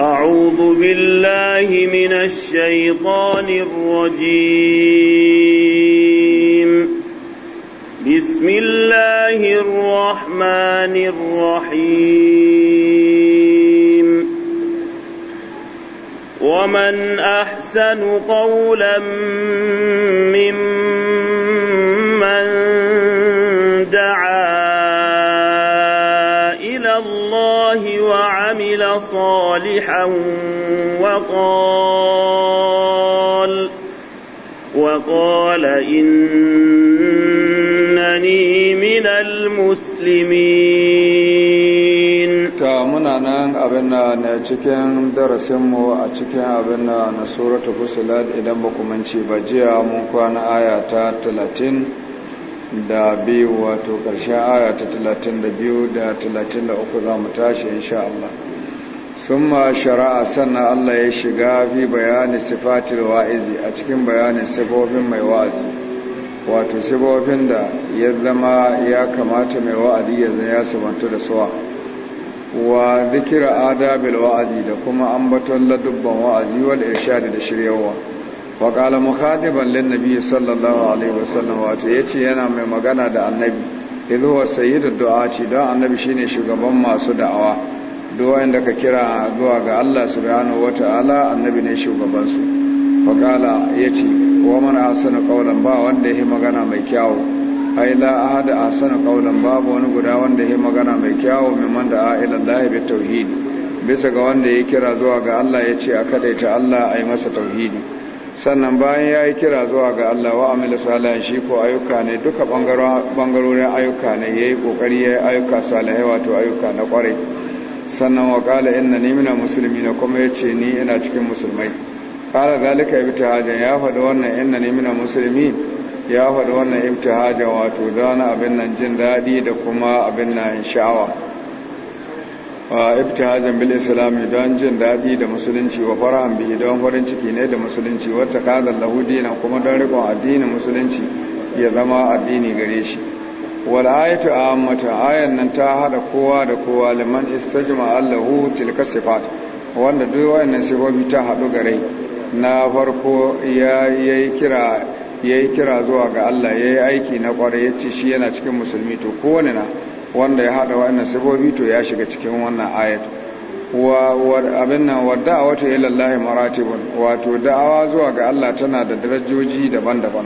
أعوذ بالله من الشيطان الرجيم بسم الله الرحمن الرحيم ومن أحسن قولا ممن دعا صالحا وقال وقال إنني من المسلمين muna nan abin na cikin darasinmu a cikin abin na suratu fusilat idan ba kumanci ba jiya mun kwana aya ta talatin da biyu wato ƙarshen aya ta talatin da biyu da talatin da uku za mu tashi insha Allah sun shara'a sannan Allah ya shiga fi bayanin sifatil wa'izi a cikin bayanin sifofin mai wa'azi wato sifofin da ya zama ya kamata mai wa'azi ya zai ya sabantu da suwa wa zikira adabil wa'azi da kuma ambaton ladubban wa'azi wal irshadi da shiryawa wa qala mukhadiban lin nabiy sallallahu alaihi wasallam wato yace yana mai magana da annabi idhu wa sayyidud du'ati don annabi shine shugaban masu da'awa duwayen da ka kira zuwa ga Allah subhanahu wa ta'ala annabi ne shugabansu faƙala ya ce wa mana asana ƙaunar ba wanda ya magana mai kyawo ai la ahada asana ƙaunar babu wani guda wanda ya magana mai kyawo mai da a'ilan lahi bi tauhid bisa ga wanda ya kira zuwa ga Allah ya ce a kadaita Allah a yi masa tauhidi sannan bayan ya yi kira zuwa ga Allah wa amila salihan shi ko ayyuka ne duka bangarorin ayyuka ne ya yi ƙoƙari ya yi ayyuka salihai wato ayyuka na ƙwarai sannan wa ni mina musulmi na kuma yace ni ina cikin musulmai kala zalika ibtihajan ya faɗi wannan ni mina musulmi ya faɗi wannan ibtihajan wato zana abin nan jin daɗi da kuma abin nan sha'awa wa ibtihajan bil islami don jin daɗi da musulunci wa farahan bihi don farin ciki ne da musulunci wata kaza lahu dinan kuma don riƙon addinin musulunci ya zama addini gare shi wal ayatu ammatu ayan nan ta hada kowa da kowa liman istajma allahu tilka sifat wanda duk wayannan sifofi ta hadu gare na farko ya yayi kira yayi kira zuwa ga Allah yayi aiki na kware yace shi yana cikin musulmi to kowane na wanda ya hada wayannan sifofi to ya shiga cikin wannan ayatu wa abin nan wa da'awatu ila Allah maratibun wato da'awa zuwa ga Allah tana da darajoji daban-daban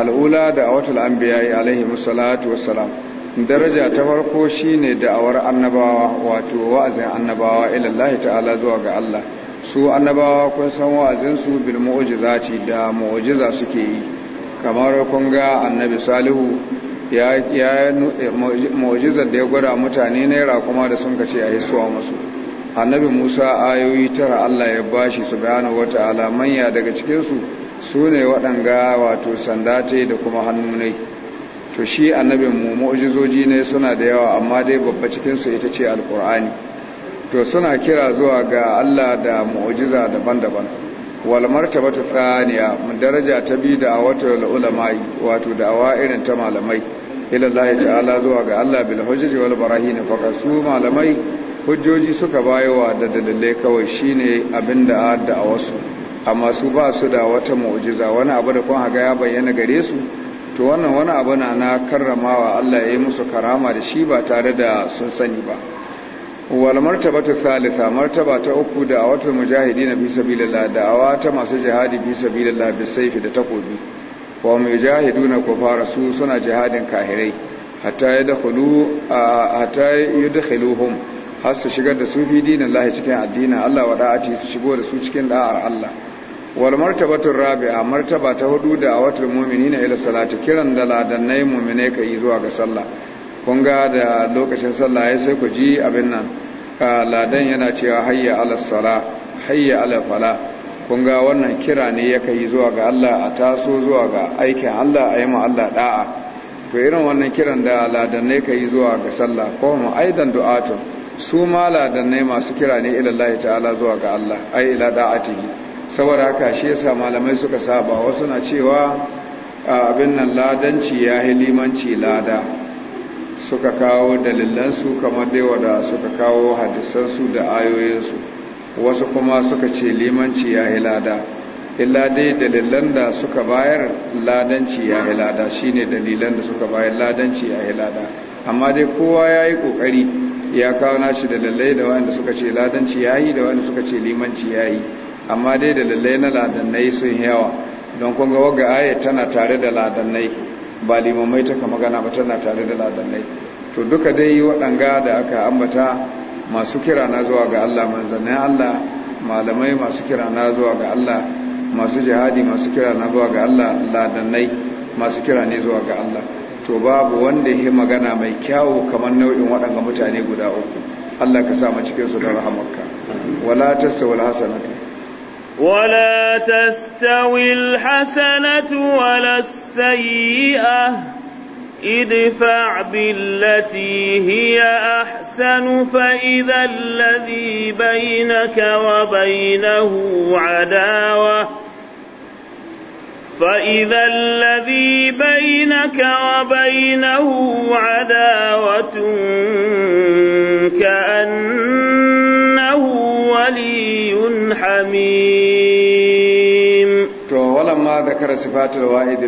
al'ula da a awatul anbiya'i alaihi musallatu wasalam daraja ta farko shine da'awar annabawa wato wa'azin annabawa ilallahi ta'ala zuwa ga Allah su annabawa kun san wa'azin su bil mu'jizati da mu'jiza suke yi kamar kun ga annabi salihu ya ya da ya gwada mutane ne kuma da sun kace a hisuwa musu annabi Musa ayoyi tara Allah ya bashi su subhanahu wata alamanya daga cikinsu. su ne waɗanga wato sanda ce da kuma hannu ne to shi annabin mu mu'jizoji ne suna da yawa amma dai babba cikinsu ita ce alkur'ani to suna kira zuwa ga Allah da mu'ujiza daban-daban wal ta thaniya mun daraja ta bi da awatul ulama wato da awa irin ta malamai ila Allah ta'ala zuwa ga Allah bil hujjaj wal barahin fa su malamai hujjoji suka bayowa da dalilai kawai shine abinda da a wasu amma su ba su da wata mu'jiza wani abu da kun haga ya bayyana gare su to wannan wani abu na na karramawa Allah ya yi musu karama da shi ba tare da sun sani ba wal martabatu thalitha martaba ta uku da awatul mujahidin fi sabilillah da awata masu jihadi fi sabilillah bi sayfi da takobi wa na kufara su suna jihadin kahirai hatta yadkhulu hatta yadkhuluhum har su shigar da su fi dinin Allah cikin addinin Allah wa ce su shigo da su cikin da'ar Allah wal martabatu rabi'a martaba ta hudu da awatul mu'minina ila salati kiran da ladannai mu'mine ka yi zuwa ga sallah kun ga da lokacin sallah ya sai ku ji abin nan ladan yana cewa hayya ala sala hayya ala fala kun ga wannan kira ne ya kai zuwa ga Allah a taso zuwa ga aikin Allah a yi ma Allah da'a to irin wannan kiran da ladannai ka yi zuwa ga sallah ko mu aidan du'atun su ma ladannai masu kira ne ila Allah ta'ala zuwa ga Allah ai ila da'atihi saboda haka shi yasa malamai suka saba wasu na cewa abin nan ladanci ya yi limanci lada suka kawo dalilansu kamar dai wada suka kawo hadisansu da ayoyinsu wasu kuma suka ce limanci ya yi lada illa dai dalilan da suka bayar ladanci ya yi lada shine dalilan da suka bayar ladanci ya yi lada amma dai kowa ya yi ƙoƙari ya kawo nashi da lallai da waɗanda suka ce ladanci ya yi da waɗanda suka ce limanci ya yi amma dai da lallai na ladannai sun yawa don kunga ga waga aya tana tare da ladannai ba limamai ta gana ba tana tare da ladannai to duka dai waɗanga da aka ambata masu kira na zuwa ga Allah manzannin Allah malamai masu kira na zuwa ga Allah masu jihadi masu kira na zuwa ga Allah ladannai masu kira ne zuwa ga Allah to babu wanda ya magana mai kyawu kamar nau'in waɗanga mutane guda uku Allah ka sa mu cikin su da rahamarka wala tasawul hasanatu ولا تستوي الحسنة ولا السيئة ادفع بالتي هي أحسن فإذا الذي بينك وبينه عداوة فإذا الذي بينك وبينه عداوة كأن علي حميم to walamma zakara sifatul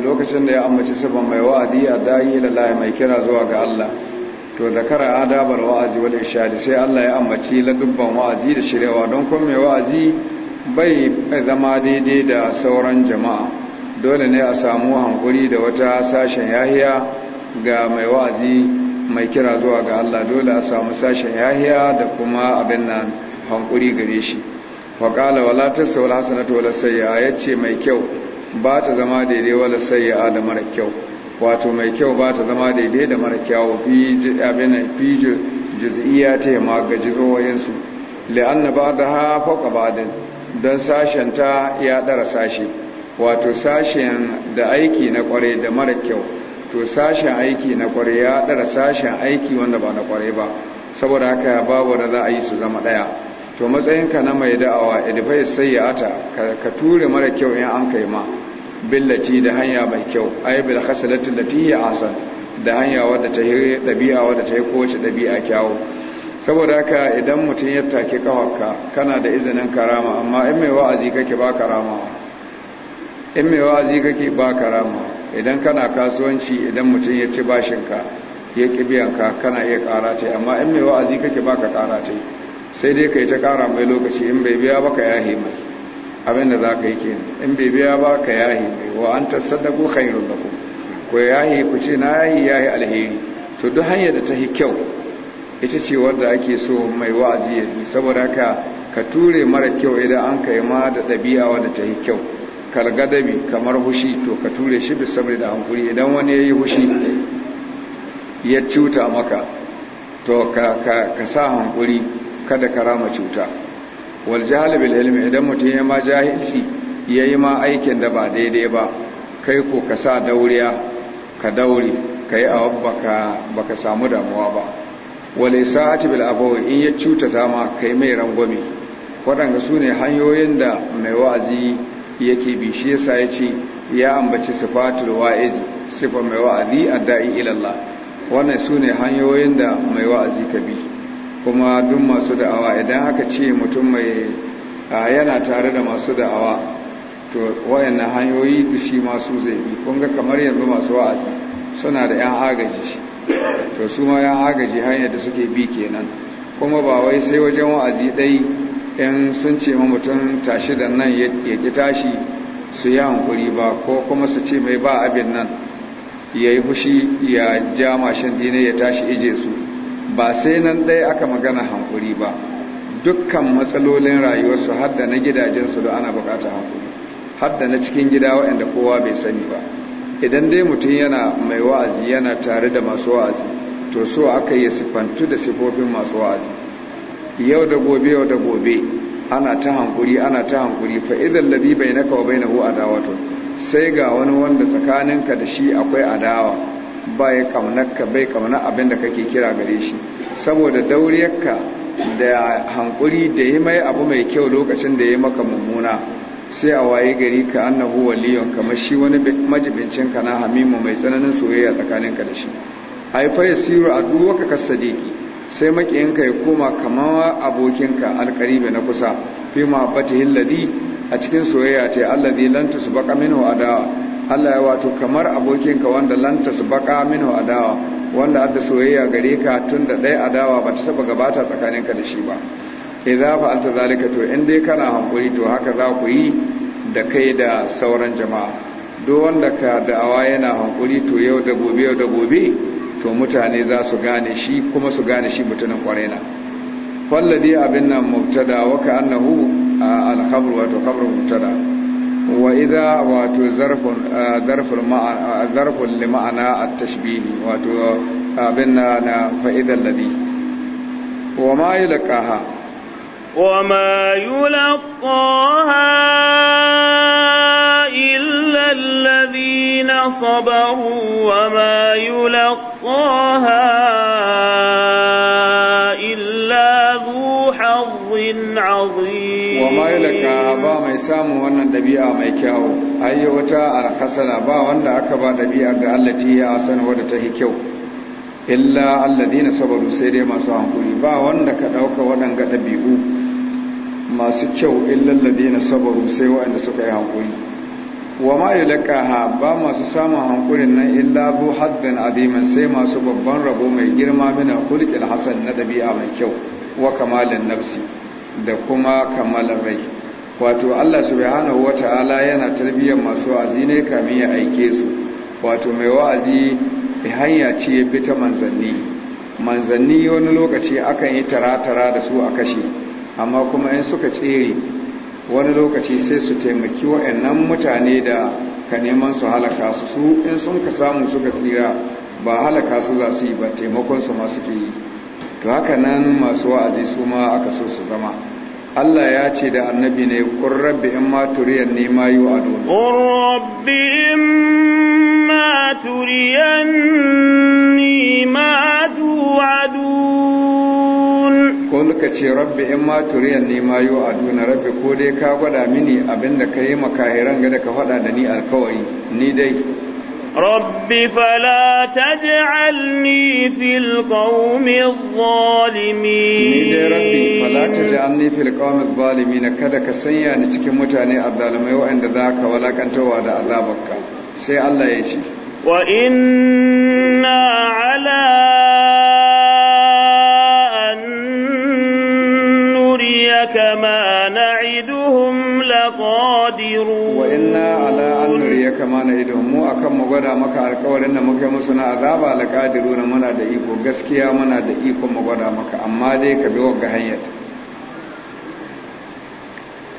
lokacin da ya ambaci sifan mai wa'adi a da'i mai kira zuwa ga Allah to a adabar wa'azi wal irshadi sai Allah ya ambaci dubban wa'azi da shirewa don kuma mai wa'azi bai zama daidai da sauran jama'a dole ne a samu hankuri da wata sashen yahiya ga mai wa'azi mai kira zuwa ga Allah dole a samu sashen yahiya da kuma abin nan hankuri gare shi faƙala qala wala tasawul hasanatu wala sayyi'a yace mai kyau ba ta zama daidai wala sayyi'a da mara kyau wato mai kyau ba ta zama daidai da mara kyau fi abin fi juz'iyya ta ma ga jizowayen su ha ba'daha fawqa ba'din dan sashen ta ya dara sashi wato sashen da aiki na kware da mara kyau to sashen aiki na kware ya dara sashen aiki wanda ba na kware ba saboda haka babu da za a yi su zama daya to matsayinka na mai da'awa idfai sayyata ka ture mara kyau in an kai ma billati da hanya mai kyau ay bil khasalati lati hi asan da hanya wadda ta yi dabi'a wadda ta yi kowace dabi'a kyawo. saboda haka idan mutum ya take kawarka kana da izinin karama amma in mai wa'azi kake ba karama in mai wa'azi kake ba karama idan kana kasuwanci idan mutum ya ci bashinka ya ƙi biyanka kana iya ƙara amma in mai wa'azi kake ba ka ƙara sai dai ka yi ta kara mai lokaci in bai biya ba ka yahi mai abinda za ka yi kenan in bai biya ba ka yahi mai wa an yi rumba ku ko yahi ku ce na ya yi alheri to duk hanyar da ta yi kyau ita ce wadda ake so mai wa'azi ya yi saboda ka ka ture mara kyau idan an kai ma da ɗabi'a wadda ta yi kyau kalgadabi kamar hushi to ka ture shi bisabar da hankuri idan wani ya yi hushi ya cuta maka to ka sa hankuri kada ka rama cuta wal jahal ilmi idan mutum ya ma jahilci yayi ma aikin da ba daidai ba kai ko ka sa dauriya ka daure kai a baka baka samu damuwa ba wal isaati bil in ya cutata ma kai mai rangwami. wadanga su hanyoyin da mai wa'azi yake bi shi yasa ya ce ya ambaci sifatul wa'izi sifa mai wa'azi a da'i Allah wannan sune hanyoyin da mai wa'azi ka bi kuma duk masu da'awa idan haka ce mutum mai yana tare da masu da'awa to wayannan hanyoyi da shi masu zai bi kun kamar yanzu masu wa'azi suna da yan agaji to su ma yan agaji hanyar da suke bi kenan kuma ba wai sai wajen wa'azi dai in sun ce ma mutum tashi da nan ya ki tashi su yi hankuri ba ko kuma su ce mai ba abin nan ya yi hushi ya ja mashin dine ya tashi ije su ba sai nan ɗaya aka magana hankuri ba dukkan matsalolin rayuwarsu har da na gidajensu da ana bukatar hankuri har na cikin gida waɗanda kowa bai sani ba idan dai mutum yana mai wa'azi yana tare da masu wa'azi to so aka yi siffantu da sifofin masu wa'azi yau da gobe yau da gobe ana ta hankuri ana ta hankuri fa idan labi bai naka wa bai na hu to sai ga wani wanda tsakaninka da shi akwai adawa bai kamnarka bai kamna abin da kake kira gare shi saboda dauriyarka da hankuri da yi mai abu mai kyau lokacin da ya maka mummuna sai a waye gari ka annahu waliyon kamar shi wani majibincin ka na hamimu mai tsananin soyayya tsakanin ka da shi ai fa yasiru ka kasadiki sai makiyinka ya koma kamar abokinka alqaribi na kusa fi mahabbatihi Ladi a cikin soyayya ce alladhi lan tusbaqa minhu adawa Allah ya wato kamar abokinka wanda lanta su baka minhu adawa wanda adda soyayya gare ka tun da ɗaya adawa ba ta taba gabata tsakaninka da shi ba idza fa'alta zalika to in dai kana hankuri to haka za ku yi da kai da sauran jama'a duk wanda ka da'awa yana hankuri to yau da gobe yau da gobe to mutane za su gane shi kuma su gane shi mutumin kwaraina. na walladi abin nan mubtada wa ka annahu al wa to mubtada وإذا واتو ظرف آه، ظرف آه، ظرف لمعنى التشبيه واتو آه، بنا فإذا الذي وما يلقاها وما يلقاها إلا الذين صبروا وما يلقاها عظيم وما يلقاها ابا mai samun wannan dabi'a mai kyau ayi wata arhasana ba wanda aka ba dabi'a ga ti ya san wanda ta hikyau illa alladina sabaru sai dai masu hankuri ba wanda ka dauka ga dabi'u masu kyau illa alladina sabaru sai waɗanda suka yi hankuri wa ma yulqaha ba masu samun hankurin nan illa bu haddan adiman sai masu babban rabo mai girma mina kulqil hasan na dabi'a mai kyau wa kamalin nafsi da kuma kammalar rai wato Allah subhanahu ta'ala yana tarbiyyar masu wa'azi ne kamin ya aike su wato mai wa'azi hanya ce ya bi ta manzanni manzanni wani lokaci akan yi tara-tara da su a kashe amma kuma in suka tsere wani lokaci sai su taimaki wa'annan mutane da ka neman su halaka su in sun ka samu suka tsira ba halaka su za su yi ba taimakon su ma ke yi to haka nan masu wa'azi su ma aka so su zama Allah ya ce da annabi ne kun rabbi in ma turiyan ne ma yi wa kun rabbi in ma turiyan ni ma tu'adun kun ka ce rabbi in ma turiyan ne ma yi na rabbi ko dai ka gwada mini abinda ka yi makahiran ga da ka faɗa da ni alkawari ni dai رب فلا تجعلني في القوم الظالمين ربي فلا تجعلني في القوم الظالمين kada ka sanya ni cikin mutane azzalumai waɗanda zaka walakantawa da azabarka sai Allah ya ce wa ala ما نعدهم لقادرون وإنا على أن نريك ما نعدهم مو أكم مغدا مكا القول إن مكا مسنا عذاب لقادرون منا دئيكو غسكيا منا دئيكو مغدا مكا أما ديك بيوغ هنيتك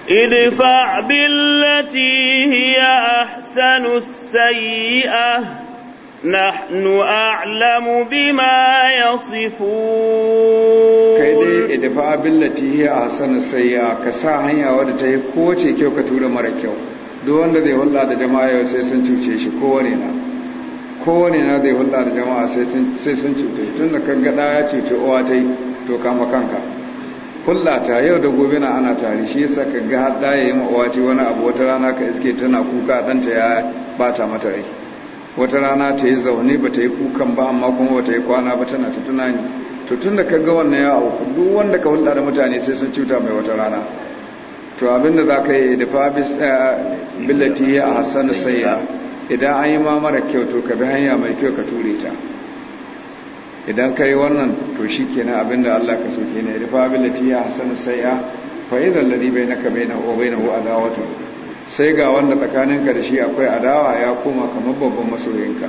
ادفع بالتي هي أحسن السيئة نحن أعلم بما يصفون كيدي إدفاع بالتي هي أحسن السيئة sayya يا sa hanya wadda ta yi kowace kyau ka tura mara kyau duk wanda zai hulla da jama'a yau sai sun cuce shi kowane na kowane na zai hulla da jama'a ta yau da gobe na ana tare shi yasa ka ga hada yayin ma uwa wani abu wata rana ka iske tana kuka danta ya bata mata rai wata rana ta yi zaune ba ta yi kukan ba amma kuma ba ta yi kwana ba tana ta tunani to tun da kaga wannan ya auku duk wanda ka hulɗa da mutane sai sun cuta mai wata rana to abin da za ka yi da fabis eh, billati ya a hasanu sayya idan an yi ma mara kyau to ka bi hanya mai kyau ka ture ta idan ka yi wannan to shi kenan da Allah ka so kenan da fabilati ya hasanu sayya fa idan ladi na bainahu na bainahu adawatu sai ga wanda tsakaninka da shi akwai adawa ya koma kamar babban masoyinka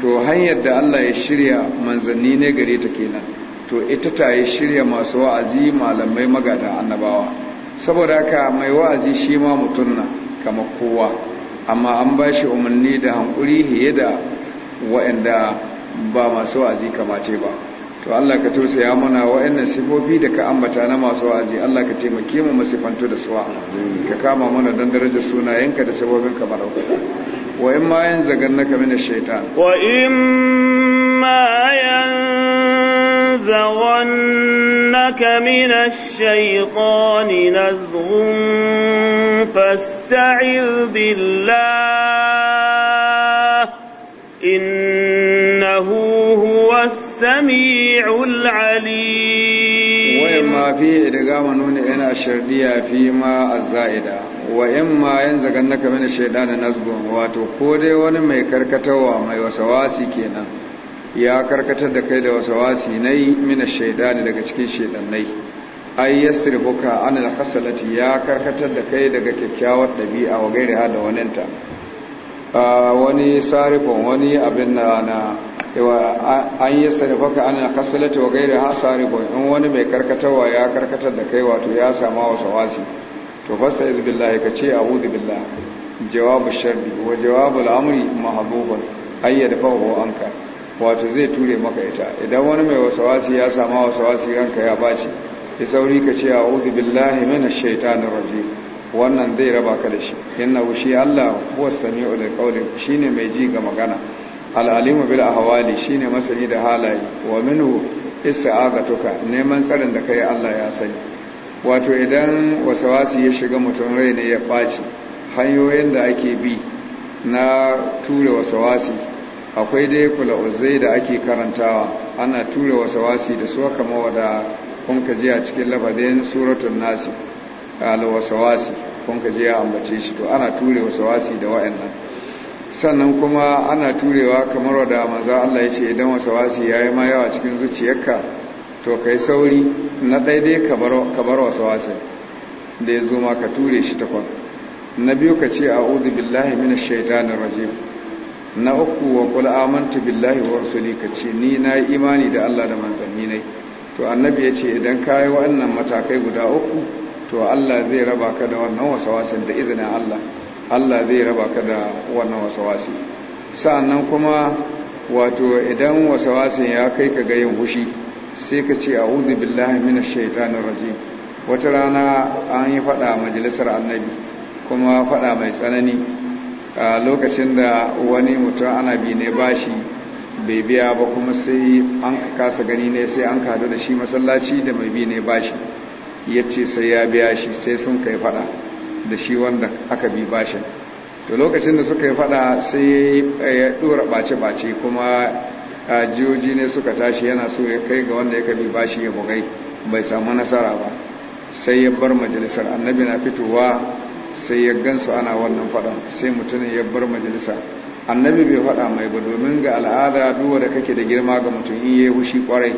to hanyar da Allah ya shirya manzanni ne gare ta kenan to ita ta yi shirya masu wa'azi malamai magada annabawa saboda haka mai wa'azi shi ma mutum na kama kowa amma an ba shi umarni da hankuri fiye da wa'anda ba masu wa'azi kamace ba to Allah ka ya mana wa'annan sifofi da ka ambata na masu wa'azi Allah ka taimake mu mu sifantu da suwa ka kama mana dan darajar sunayenka da sababin ka madaukaka wa in ma yanzaganaka min shaytan wa in ma yanzagannaka min ash-shaytani fasta'iz billah innahu السميع العليم وإما فيه إدغام نون إنا شردية فيما الزائدة وإما ينزغنك من الشيطان dai wani mai karkatarwa mai يوسواسي كينا ya karkatar da kai da wasawasi nai mina shaidani daga cikin shaidannai ai ana anil khasalati ya karkatar da kai daga kyakkyawar ɗabi'a wa gairi ha da waninta wani sarifin wani abin na an yi sarifaka ana kasalata wa gairi ha sarifun in wani mai karkatarwa ya karkatar da kai wato ya sama wasa wasi to fasta iz billahi ka ce a'udhu billah jawabu sharri wa jawabu al'amri mahdhubun ayyada an ka wato zai ture maka ita idan wani mai wasi ya sama wasi, ranka ya baci ya sauri ka ce a'udhu billahi mana shaitanir rajim wannan zai raba ka da shi innahu shi Allah huwa sami'ul qawli shine mai ji ga magana al'alimu bil shi ne masani da halaye wa minhu tuka neman tsarin da kai Allah ya sani wato idan wasawasi ya shiga mutum rai ne ya ɓaci hanyoyin da ake bi na ture wasawasi akwai dai kula uzai da ake karantawa ana ture wasawasi da su kama wada kunka je a cikin lafadin suratun nasi al wasawasi kunka je ambace shi to ana ture wasawasi da wa'annan sannan kuma ana turewa kamar wadda maza Allah ya ce idan wasi ya yi ma yawa cikin zuciyarka to kai sauri na daidai ka bar wasi da ya zo ma ka ture shi kwan na biyu ka ce a udu billahi mina shaitanin rajim na uku wa kula amanta billahi wa rasuli ka ce ni na yi imani da Allah da manzanni ne to annabi ya ce idan ka yi waɗannan matakai guda uku to Allah zai raba ka da wannan wasawasin da izinin Allah Allah zai raba ka da wannan wasawasi sa'annan kuma wato idan wasawasin ya kai ka ga yin hushi sai ka ce a'udhu billahi minash shaitanir rajim wata rana an yi fada majalisar annabi kuma fada mai tsanani a lokacin da wani mutum bi ne bashi bai biya ba kuma sai an kasa gani ne sai an kado da shi masallaci da mai bi ne bashi yace sai ya biya shi sai sun kai fada da shi wanda aka bi bashin to lokacin da suka yi fada sai ya dora bace-bace kuma jiyoji ne suka tashi yana so ya kai ga wanda ya kabi bashi ya bugai bai samu nasara ba sai ya bar majalisar annabi na fitowa sai ya gansu ana wannan fadan sai mutumin ya bar majalisa annabi bai fada mai ba domin ga al'ada duwa da kake da girma ga mutum in ya hushi kwarai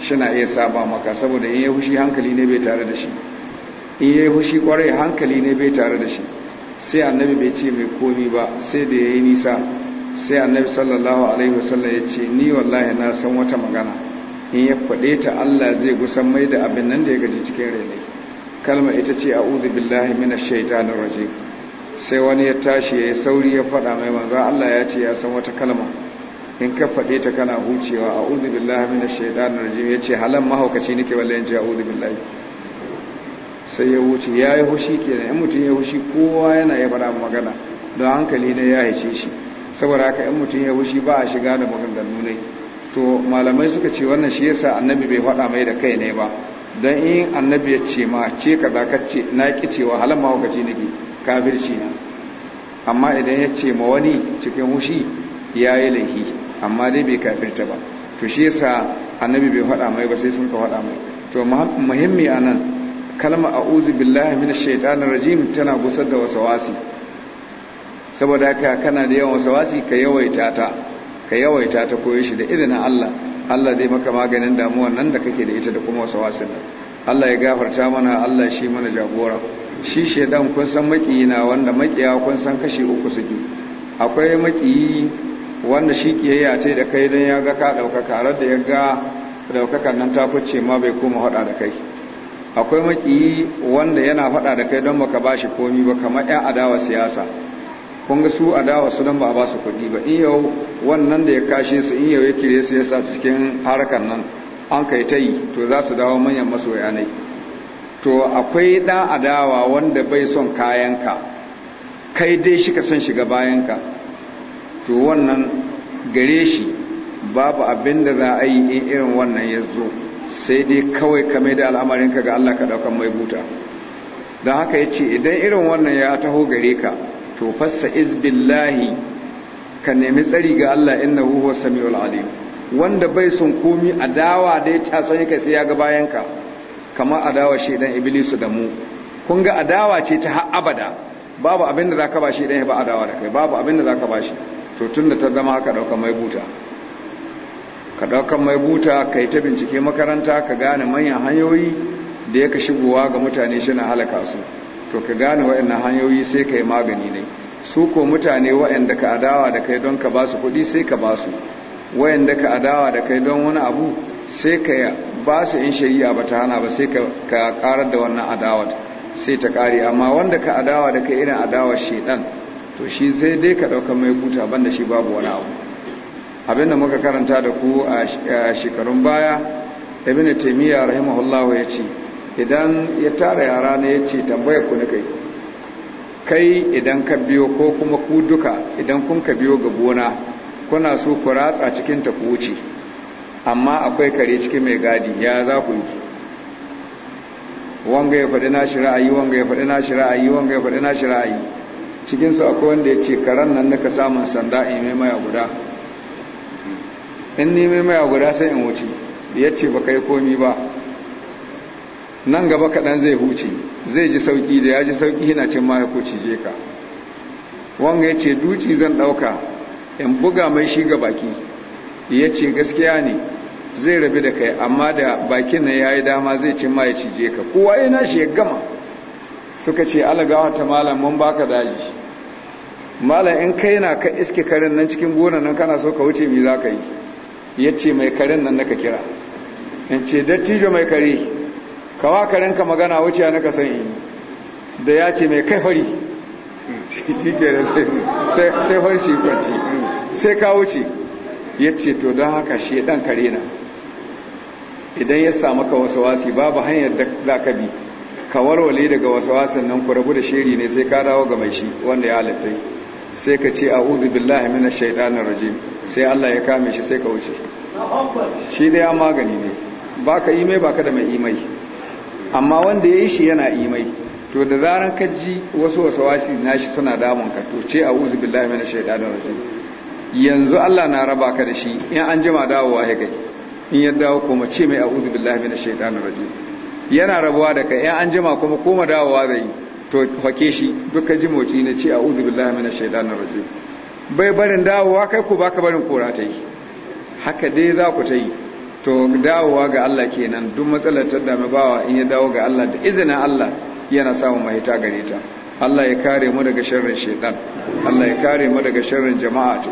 shi iya saba maka saboda in ya hushi hankali ne bai tare da shi in yi hushi kwarai hankali ne bai tare da shi sai annabi bai ce mai komi ba sai da yi nisa sai annabi sallallahu alaihi wasallam ya ce ni wallahi na san wata magana in ya faɗe ta Allah zai gusan mai da abin nan da ya gaji cikin rene kalma ita ce a'udhu billahi mina shaitanin raje sai wani ya tashi ya yi sauri ya faɗa mai manzo Allah ya ce ya san wata kalma in ka faɗe ta kana hucewa a'udhu billahi mina shaitanin raje ya ce halan mahaukaci nike wallahi ya ce a'udhu billahi sai ya wuce ya yi hushi kenan yan mutum ya hushi kowa yana ya fara magana don hankali ne ya haice shi saboda haka yan mutum ya hushi ba a shiga da maganganu ne to malamai suka ce wannan shi yasa annabi bai faɗa mai da kai ne ba don in annabi ya ce ma ce ka za ka ce na ce cewa halin mahaukaci nake kafirci na amma idan ya ce ma wani cikin hushi ya yi laifi amma dai bai kafirta ba to shi yasa annabi bai faɗa mai ba sai sun ka faɗa mai to muhimmi a nan kalmar a'udhu billahi minash shaitanir rajim tana gusar da wasawasi saboda haka kana da yawan wasawasi ka yawaita ta ka yawaita ta koyi shi da izinin Allah Allah zai maka maganin damuwar nan da kake da ita da kuma wasawasin Allah ya gafarta mana Allah shi mana jagora shi shedan kun san makiyi na wanda makiya kun san kashi uku suke akwai makiyi wanda shi kiyayya ta da kai dan ya ga ka daukaka da ya ga daukakar nan ta fice ma bai koma hada da kai akwai makiyi wanda yana faɗa da kai don baka shi komi ba kamar 'yan adawa siyasa kun ga su adawa su don ba ba su kuɗi ba in yau wannan da ya kashe su in yau ya kire su ya sa su cikin harkar nan an kai ta yi to za su dawo manyan masoya ne to akwai ɗan adawa wanda bai son kayanka kai dai shi ka son shiga bayanka to wannan gare shi babu abin da za a yi in irin wannan ya zo sai dai kawai ka mai da al'amarinka ga Allah ka ɗaukan mai buta don haka ya ce idan irin wannan ya taho gare ka to fassa izbillahi ka nemi tsari ga Allah inna huwa sami'ul alim wanda bai son komi adawa da ya taso ne kai sai ya ga bayanka kama adawa shedan iblisu da mu kun ga adawa ce ta har abada babu abin da ka ba idan ya ba adawa da kai babu abin da ka ba shi to da ta zama haka dauka mai buta ka ɗaukan mai buta ka yi ta bincike makaranta ka gane manyan hanyoyi da ya ka shigowa ga mutane shi na halaka su to ka gane waɗannan hanyoyi sai ka yi magani ne su ko mutane waɗanda ka adawa da kai don ka ba su kuɗi sai ka ba su waɗanda ka adawa da kai don wani abu sai ka ba su in shari'a ba ta hana ba sai ka karar da wannan adawa sai ta kare amma wanda ka adawa da kai irin shi shedan to shi sai dai ka ɗaukan mai buta banda shi babu wani abu abinda muka karanta da ku a shekarun baya ibn taymiya rahimahullahu ya ce idan ya tara yara ne ya ce tambaya ku kai kai idan ka biyo ko kuma ku duka idan kun ka biyo ga gona kuna so ku ratsa cikin ta ku wuce amma akwai kare cikin mai gadi ya za ku yi wanga ya faɗi nashi ra'ayi wanga ya faɗi nashi ra'ayi wanga ya faɗi nashi ra'ayi cikinsu akwai wanda ya ce karen nan naka samun sanda in mai maya guda in nime mai guda sai in wuce ya ce ba kai komi ba nan gaba kaɗan zai huce zai ji sauƙi da ya ji sauƙi yana cin ma ko cije ka wanga ya ce duci zan ɗauka in buga mai shi ga baki ya ce gaskiya ne zai rabi da kai amma da bakin na ya yi dama zai cin ma ya cije ka kowa ya nashi ya gama suka ce alagawa ta malam mun baka daji malam in kai na ka iske karin nan cikin gona nan kana so ka wuce mi za ka yi ya ce mai karen nan naka kira in ce dattijo mai kare kawa karen ka magana wuce na ka san da ya ce mai kai fari shi ke da sai farshi kwanci sai ka wuce ya ce to don haka shi dan kare na idan ya samu ka wasu wasi babu hanyar da ka bi ka warware daga wasu wasan nan ku rabu da shiri ne sai ka dawo ga mai shi wanda ya halittai sai ka ce a uzu billahi mina shaidanar rajim sai Allah ya kame shi sai ka wuce shi dai ya magani ne ba ka imai ba ka da mai imai amma wanda ya yi shi yana imai to da zaran ka ji wasu wasi na shi suna damun ka to ce a uzu billahi mina shaidanar rajim yanzu Allah na raba ka da shi in an jima dawowa ya kai in ya dawo kuma ce mai a uzu billahi mina shaidanar rajim yana rabuwa da kai in an jima kuma koma dawowa zai yi to hake shi duka ji motsi na ce a uzu billahi mina shaidanin rajim bai barin dawowa kai ku baka barin kora ta yi haka dai za ku ta yi to dawowa ga Allah kenan duk matsalar ta dame bawa in ya dawo ga Allah da izinin Allah yana samun mahita gare ta Allah ya kare mu daga sharrin shaitan Allah ya kare mu daga sharrin jama'a to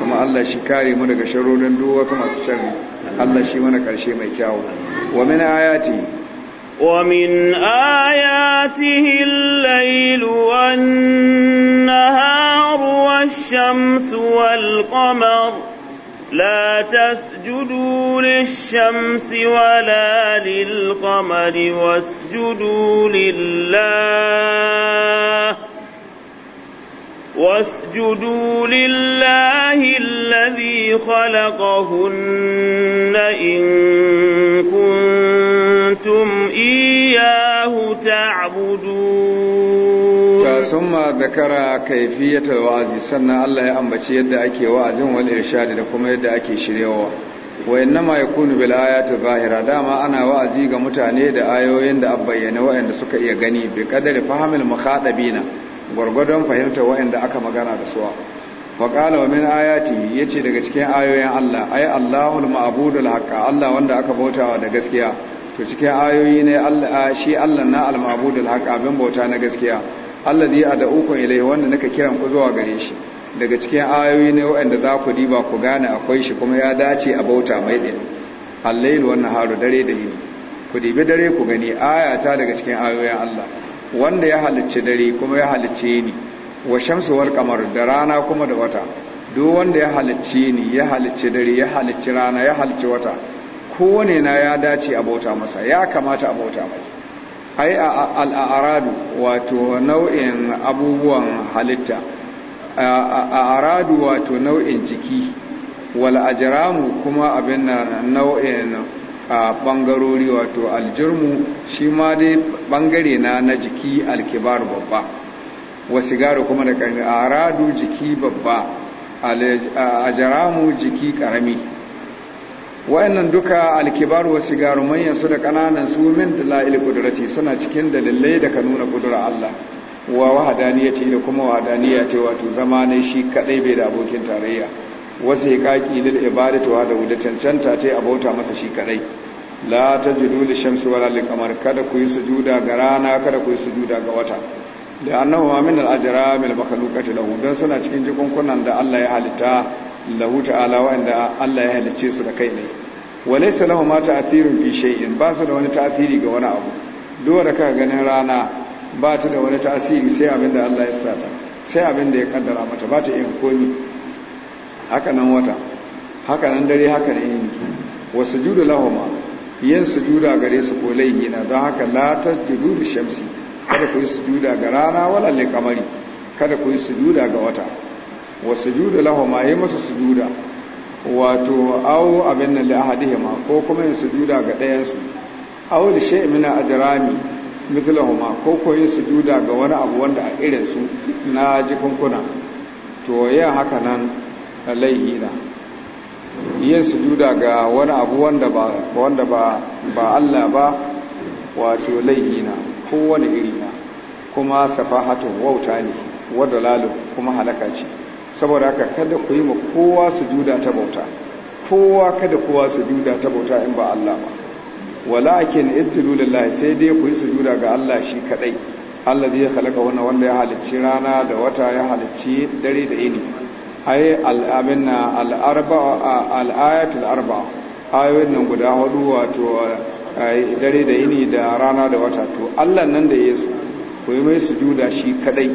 kuma Allah shi kare mu daga sharrorin duk wata masu sharri Allah shi mana karshe mai kyau wa min ayati ومن آياته الليل والنهار والشمس والقمر لا تسجدوا للشمس ولا للقمر واسجدوا لله واسجدوا لله الذي خلقهن إن كنتم Ta summa da ƙara ka fiye ta wa'azi, sannan Allah ya ambaci yadda ake wa'azin wal'inshaɗi, da kuma yadda ake shirya wa'azi. Wa yanzu na ma'aikun Bala'ayyatu za a ana wa'azi ga mutane da ayoyin da an bayyana suka iya gani, bai kadari fahimmar mu kaɗa biyu na. fahimtar wa'inda aka magana da su ba. Baƙala wa man Ayati yace daga cikin ayoyin Allah, "Ai allahul ma'a'udu alhakka, Allah wanda aka bautawa da gaskiya." to cikin ayoyi ne shi Allah na al-ma'budul haqq abin bauta na gaskiya Allah alladhi ad'ukum ilayhi wanda nake kiran ku zuwa gare shi daga cikin ayoyi ne waɗanda za ku diba ku gane akwai shi kuma ya dace a bauta mai din al-layl wan naharu dare da yini ku dibi dare ku gani aya ta daga cikin ayoyin Allah wanda ya halicci dare kuma ya halicce ni. wa shamsu wal qamar da rana kuma da wata duk wanda ya halicci ni, ya halicci dare ya halicci rana ya halicci wata kowane na ya dace a bauta masa ya kamata a bauta mai ai al'aradu wato nau'in abubuwan halitta al'aradu wato nau'in jiki wal ajramu kuma abin nau'in bangarori wato aljirmu shi ma dai ɓangare na na jiki alkibar babba wasigari kuma da ƙarfi aradu jiki babba ajaramu jiki ƙarami wayannan duka alkibar wa sigaru manyan su da kananan su min dalail qudrati suna cikin dalilai da ka nuna kudura Allah wa wahadaniyati da kuma ce wato zama ne shi kadai bai da abokin tarayya wasu kaki lil ibadatu wa da wuda cancanta tai abota masa shi kadai la tajidu lil shamsi wala lil qamar kada ku yi sujuda ga rana kada ku yi sujuda ga wata da annahu min al ajram al makhluqati lahu dan suna cikin jikunkunan da Allah ya halitta lahu ta'ala wanda Allah ya halicce su da kai ne walaysa lahu ma ta'thirun fi shay'in ba su da wani ta'thiri ga wani abu duwar da kaga ganin rana ba ta da wani tasiri sai abinda Allah ya sata sai abinda ya kaddara mata ba ta yin komi haka nan wata haka nan dare haka nan yin ki wa sujudu lahuma yin sujuda gare su ko laihi na don haka la tasjudu bi shamsi kada ku yi sujuda ga rana wala li kamari kada ku yi sujuda ga wata wa sujudu lahum ayi musu sujuda wato aw abin li ahadihima ko kuma yin sujuda ga ɗayan su aw li shay'in min ajrami lahoma ko ko yin sujuda ga wani abu wanda a irin su na jikunkuna to yin haka nan laihi yin sujuda ga wani abu wanda ba Allah ba wato laihina kowane iri na kuma safahatun wauta ne wadalalu kuma halaka ce saboda haka kada ku yi ma kowa sujuda ta bauta kowa kada kowa sujuda ta bauta in ba Allah ba walakin istidu lillahi sai dai ku yi sujuda ga Allah shi kadai Allah zai halaka wannan wanda ya halicci rana da wata ya halicci dare da ini ay al-aminna al-arba'a al al arba'a ayoyin nan guda hudu wato dare da yini da rana da wata to Allah nan da Yesu ku yi mai sujuda shi kadai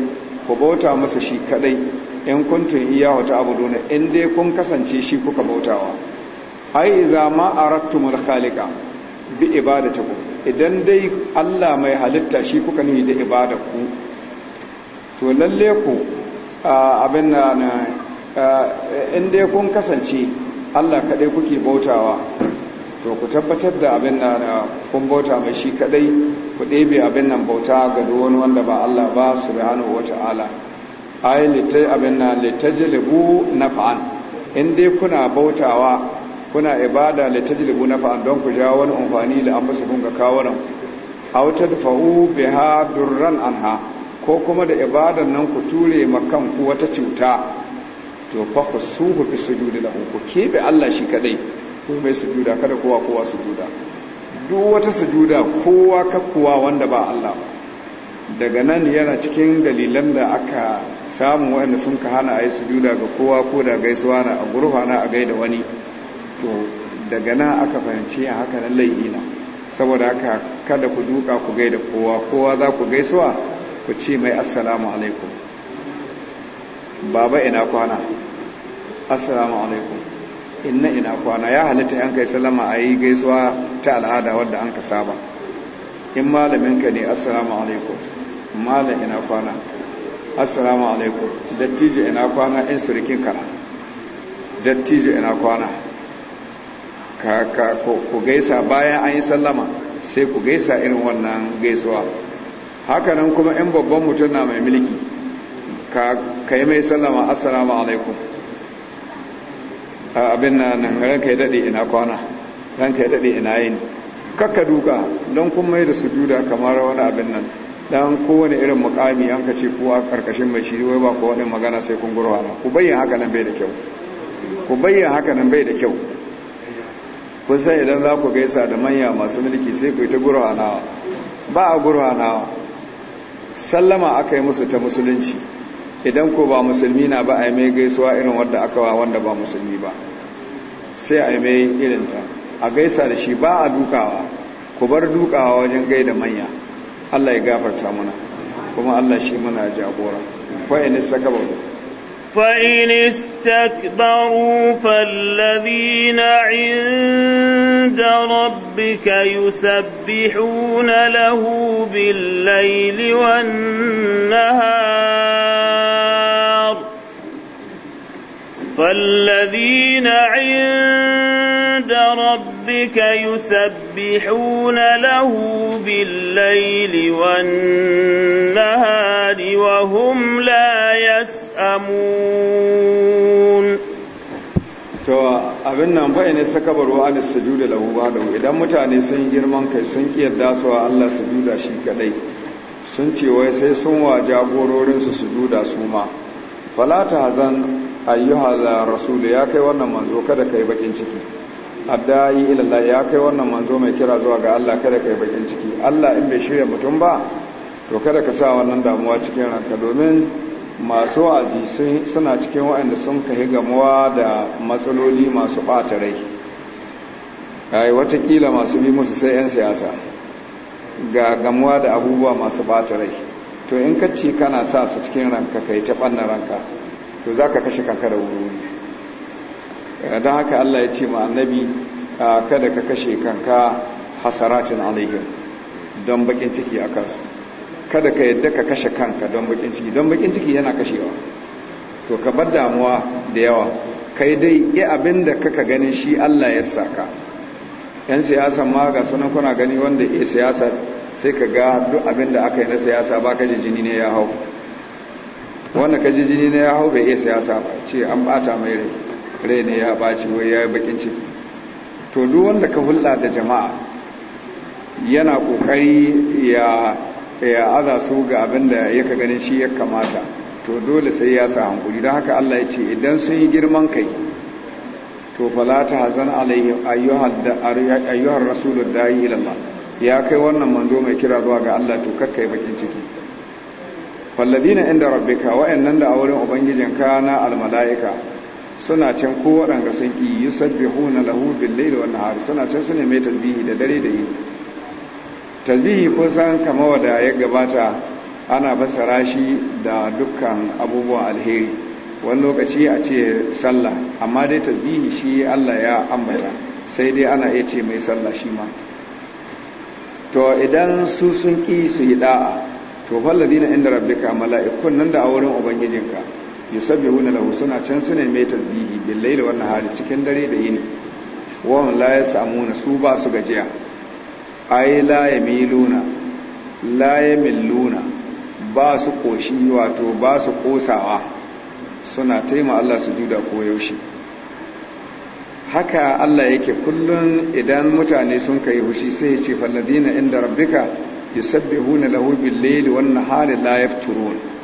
ku bauta masa shi kadai in wata abu ta'buduna in dai kun kasance shi kuka bautawa ai idza ma aradtumul khaliqa bi ku idan dai Allah mai halitta shi kuka ne da ku to lalle ku abin na in dai kun kasance Allah kadai kuke bautawa to ku tabbatar da abin na kun bauta mai shi kadai ku ɗebe abin nan bauta ga duk wani wanda ba Allah ba subhanahu wata'ala ai litai abin nan litajlibu naf'an in dai kuna bautawa kuna ibada litajlibu naf'an don ku jawo wani amfani la kun ga kawunan aw tadfa'u biha durran anha ko kuma da ibadan nan ku ture makan ku wata cuta to fa khusuhu bi sujudi lahu ku kebe Allah shi kadai ku mai sujuda kada kowa kowa sujuda duk wata sujuda kowa kakkuwa wanda ba Allah daga nan yana cikin dalilan da aka samun wanda sun ka hana a yi sujuda ga kowa ko da gaisuwa na a gurfa na a gaida wani to daga nan aka fahimci a haka nan laifi na saboda haka kada ku duka ku gaida kowa kowa za ku gaisuwa ku ce mai assalamu alaikum baba ina kwana assalamu alaikum inna ina kwana ya halitta yan kai salama a yi gaisuwa ta al'ada wadda an ka saba in malaminka ne assalamu alaikum malam ina kwana assalamu alaikum dattijo ina kwana in surikin kana dattijo ina kwana ka ka ku gaisa bayan an yi sallama sai ku gaisa irin wannan gaisuwa hakanan kuma in babban mutum na mai mulki ka yi mai sallama assalamu alaikum abin na nan ranka ya dade ina kwana ranka ya dade ina yin kakka duka don kuma mai da su duda kamar wani abin nan dan kowane irin mukami an ka ce kowa karkashin mai shi wai ba kowa din magana sai kun na ku bayyana haka nan bai da kyau ku bayyana haka nan bai da kyau kun san idan za ku gaisa da manya masu mulki sai ku yi ta gurwanawa ba a gurwanawa sallama aka yi musu ta musulunci idan ko ba musulmi na ba a yi mai gaisuwa irin wadda aka wa wanda ba musulmi ba sai a yi mai irinta a gaisa da shi ba a dukawa ku bar dukawa wajen gaida manya Allah ya gafarta mana kuma Allah shi muna jagora fa'in istakbaru fa'in istakbaru fallazina 'inda rabbika yusabbihuna lahu bil-laili wan-nahar فالذين عند عند ربك يسبحون له بالليل والنهار وهم لا يسأمون to abin nan fa ne saka baro an sujuda lahu wahdahu idan mutane sun girman kai sun kiyarda su Allah sujuda shi kadai sun ce wai sai sun wa jagororin su sujuda su ma fala ta hazan ayyuha rasul ya kai wannan manzo kada kai bakin ciki addayi ilallah ya kai wannan manzo mai kira zuwa ga Allah kada kai bakin ciki Allah in bai shirya mutum ba to kada ka sa wannan damuwa cikin ranka domin masu wazi suna cikin waanda sun kai gamuwa da matsaloli masu ɓata rai ai watakila masu bi musu sai 'yan siyasa ga gamuwa da abubuwa masu ɓata rai to in ka ci kana sa su cikin ranka ka yi ta ranka to za ka kashe kanka da wuri don haka Allah ya ce ma annabi kada ka kashe kanka hasaratin alaihim don bakin ciki a kansu kada ka yadda ka kashe kanka don bakin ciki don bakin ciki yana kashewa to ka bar damuwa da yawa kai dai yi abin da kaka ganin shi Allah ya saka yan siyasa ma ga sunan kuna gani wanda ya siyasa sai ka ga duk abin da aka yi na siyasa ba ka jini ne ya hau wanda ka jini ne ya hau bai iya siyasa ba ce an bata mai rai rai ne ya baci wai ya yi bakin ciki to duk wanda ka hulɗa da jama'a yana ƙoƙari ya aza su ga abin da ya ka ganin shi ya kamata to dole sai ya sa hankuri don haka Allah ya ce idan sun yi girman kai to fala ta hazan ayyuhar rasulun yi ilalla ya kai wannan manzo mai kira zuwa ga Allah to kakka yi bakin ciki falladina inda rabbika wa'annan da a wurin ubangijinka na almala'ika suna can ko waɗanda sun ƙi yi sabbi na lahu billai da wani har suna can su mai tasbihi da dare da yi tasbihi kusan kama wada ya gabata ana basa rashi da dukkan abubuwan alheri wani lokaci a ce sallah amma dai tasbihi shi allah ya ambata sai dai ana iya ce mai sallah shi ma to idan su sun ƙi su yi da'a to fallabi na inda rabbika mala'ikun nan da a wurin ubangijinka yusabbihuna lahu suna can suna mai tasbihi bil layli wan nahari cikin dare da yini wa hum la yasamuna su ba su gajiya ay la yamiluna la yamilluna ba su koshi wato ba su kosawa suna taima Allah su ko yaushe haka Allah yake kullun idan mutane sun kai hushi sai ya ce falladina inda rabbika yusabbihuna lahu bil layli wan nahari la yafturuna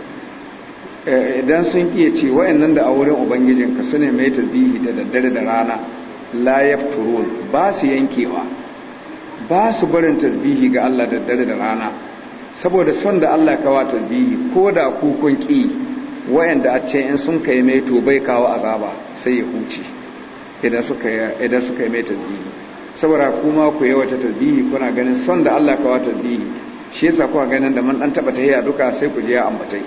Eh, idan sun iya ce wa'annan da a wurin ubangijinka su ne mai tabihi da daddare da rana la yafturun ba su yankewa ba su barin tasbihi ga Allah daddare da rana saboda son da Allah kawa tasbihi ko da kukun ki wa'anda a ce in sun kai mai to bai kawo azaba sai ya huce idan suka yi mai tasbihi saboda kuma ku yi wata tasbihi kuna ganin son da Allah kawa tasbihi shi yasa kuka ganin da mun dan taba tahiya duka sai ku je a ambatai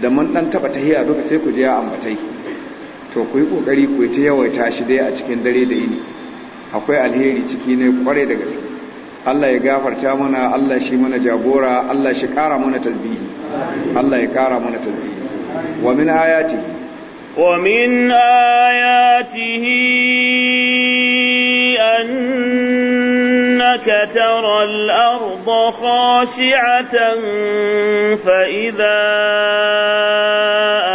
da man dan taba tahiya duka sai ku je ya ambatai to ku yi kokari ku ta yawaita shi dai a cikin dare da yini akwai alheri ciki ne kware da gaske Allah ya gafarta mana Allah shi mana jagora Allah shi kara mana tasbihi Allah ya kara mana tasbihi wa min ayati wa min ayatihi an إنك ترى الأرض خاشعة فإذا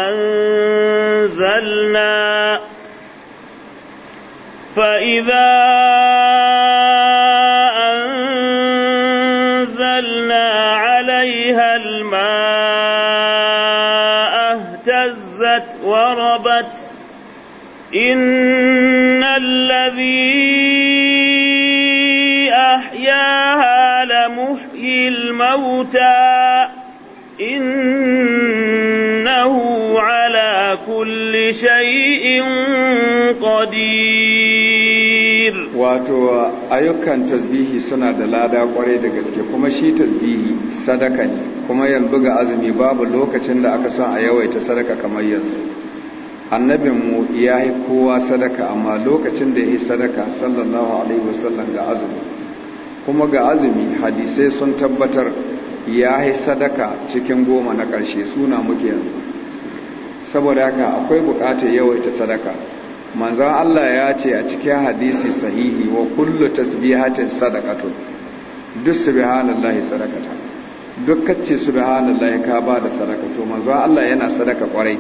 أنزلنا فإذا أنزلنا عليها الماء اهتزت وربت إن الذي إياها لمحيي الموتى إنه على كل شيء wato ayyukan tasbihi suna da lada kwarai da gaske kuma shi tasbihi sadaka ne kuma yanzu ga azumi babu lokacin da aka san a yawaita sadaka kamar yanzu annabinmu ya yi kowa sadaka amma lokacin da ya yi sadaka sallallahu alaihi wasallam ga azumi kuma ga azumi hadisai sun tabbatar ya yi sadaka cikin goma na ƙarshe suna muke yanzu saboda haka akwai buƙatar yawaita sadaka manzan Allah ya ce a cikin hadisi sahihi wa kullu tasbihatin sadakatun duk subhanallahi sadakata dukkan ce subhanallahi ka ba da sadaka to manzan Allah yana sadaka kwarai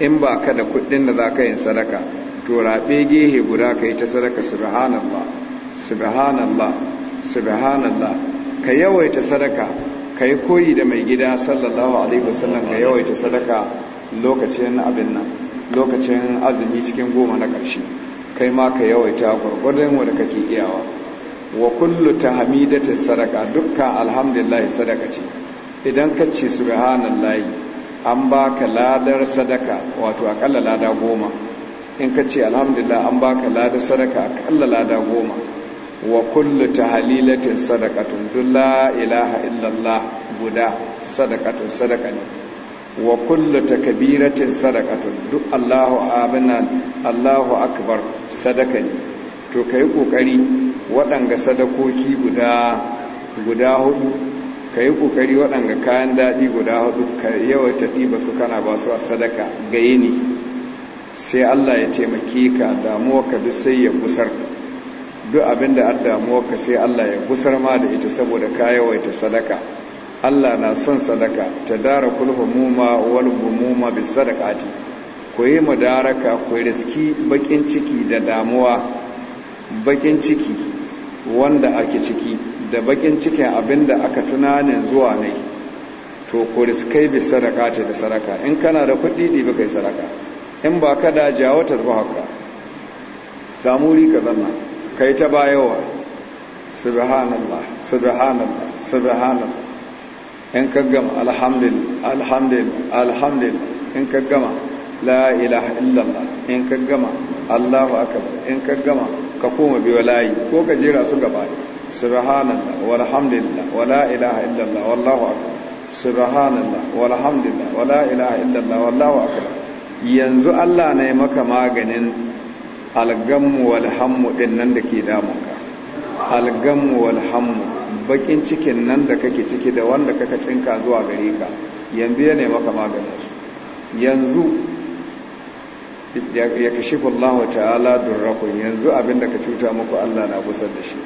in ba ka da kuɗin da za ka yin sadaka to rabe gehe guda ka yi ta sadaka subhanallah subhanallah subhanallah ka yawaita sadaka ka yi koyi da mai gida sallallahu alaihi wasallam ka yawaita sadaka lokacin abin nan lokacin azumi cikin goma na ƙarshe kai ma ka yawaita gwargwadon wadda kake iyawa wa kullu tahmidatin sadaka dukkan alhamdulillah sadaka ce idan ka ce subhanallah an baka ladar sadaka wato akalla lada goma in ka ce alhamdulillah an baka ladar sadaka akalla lada goma wa kullu tahlilatin sadaqatun la ilaha illallah guda sadaqatun sadaqa ne wa kullu takbiratin sadaqatun duk Allahu amina Allahu akbar sadaqa ne to kai kokari waɗanga sadakoki guda guda hudu kai kokari waɗanga kayan dadi guda hudu ka ta diba su kana ba su sadaka gaye sai Allah ya taimake ka damuwa ka duk sai ya kusar duk abin da an damuwa ka sai Allah ya gusar ma da ita saboda ka ta sadaka Allah na son sadaka ta dara kulhu muma wal gumuma bis sadaqati ku yi mudaraka ku riski bakin ciki da damuwa bakin ciki wanda ake ciki da bakin cikin abinda aka tunanin zuwa ne to ku riskai bis sadaqati da sadaka in kana da kuɗi ɗibi kai sadaka in ba ka da jawatar ba haka samu rika zanna kai ta bayowa subhanallah subhanallah subhanallah in ka gama alhamdulillah alhamdulillah alhamdulillah in ka gama la ilaha illallah in ka gama allahu akbar in ka gama ka koma bi layi ko ka jira su gaba subhanallah walhamdulillah wala ilaha illallah wallahu akbar subhanallah walhamdulillah wala ilaha illallah wallahu akbar yanzu Allah ne maka maganin algammu wal hammu din nan da ke damunka algammu wal hammu bakin cikin nan da kake ciki da wanda kaka cinka zuwa gare ka yanzu ya nema ka maganin su yanzu ya kashi Allah ta'ala durrakun yanzu abinda ka cuta muku Allah na kusan da shi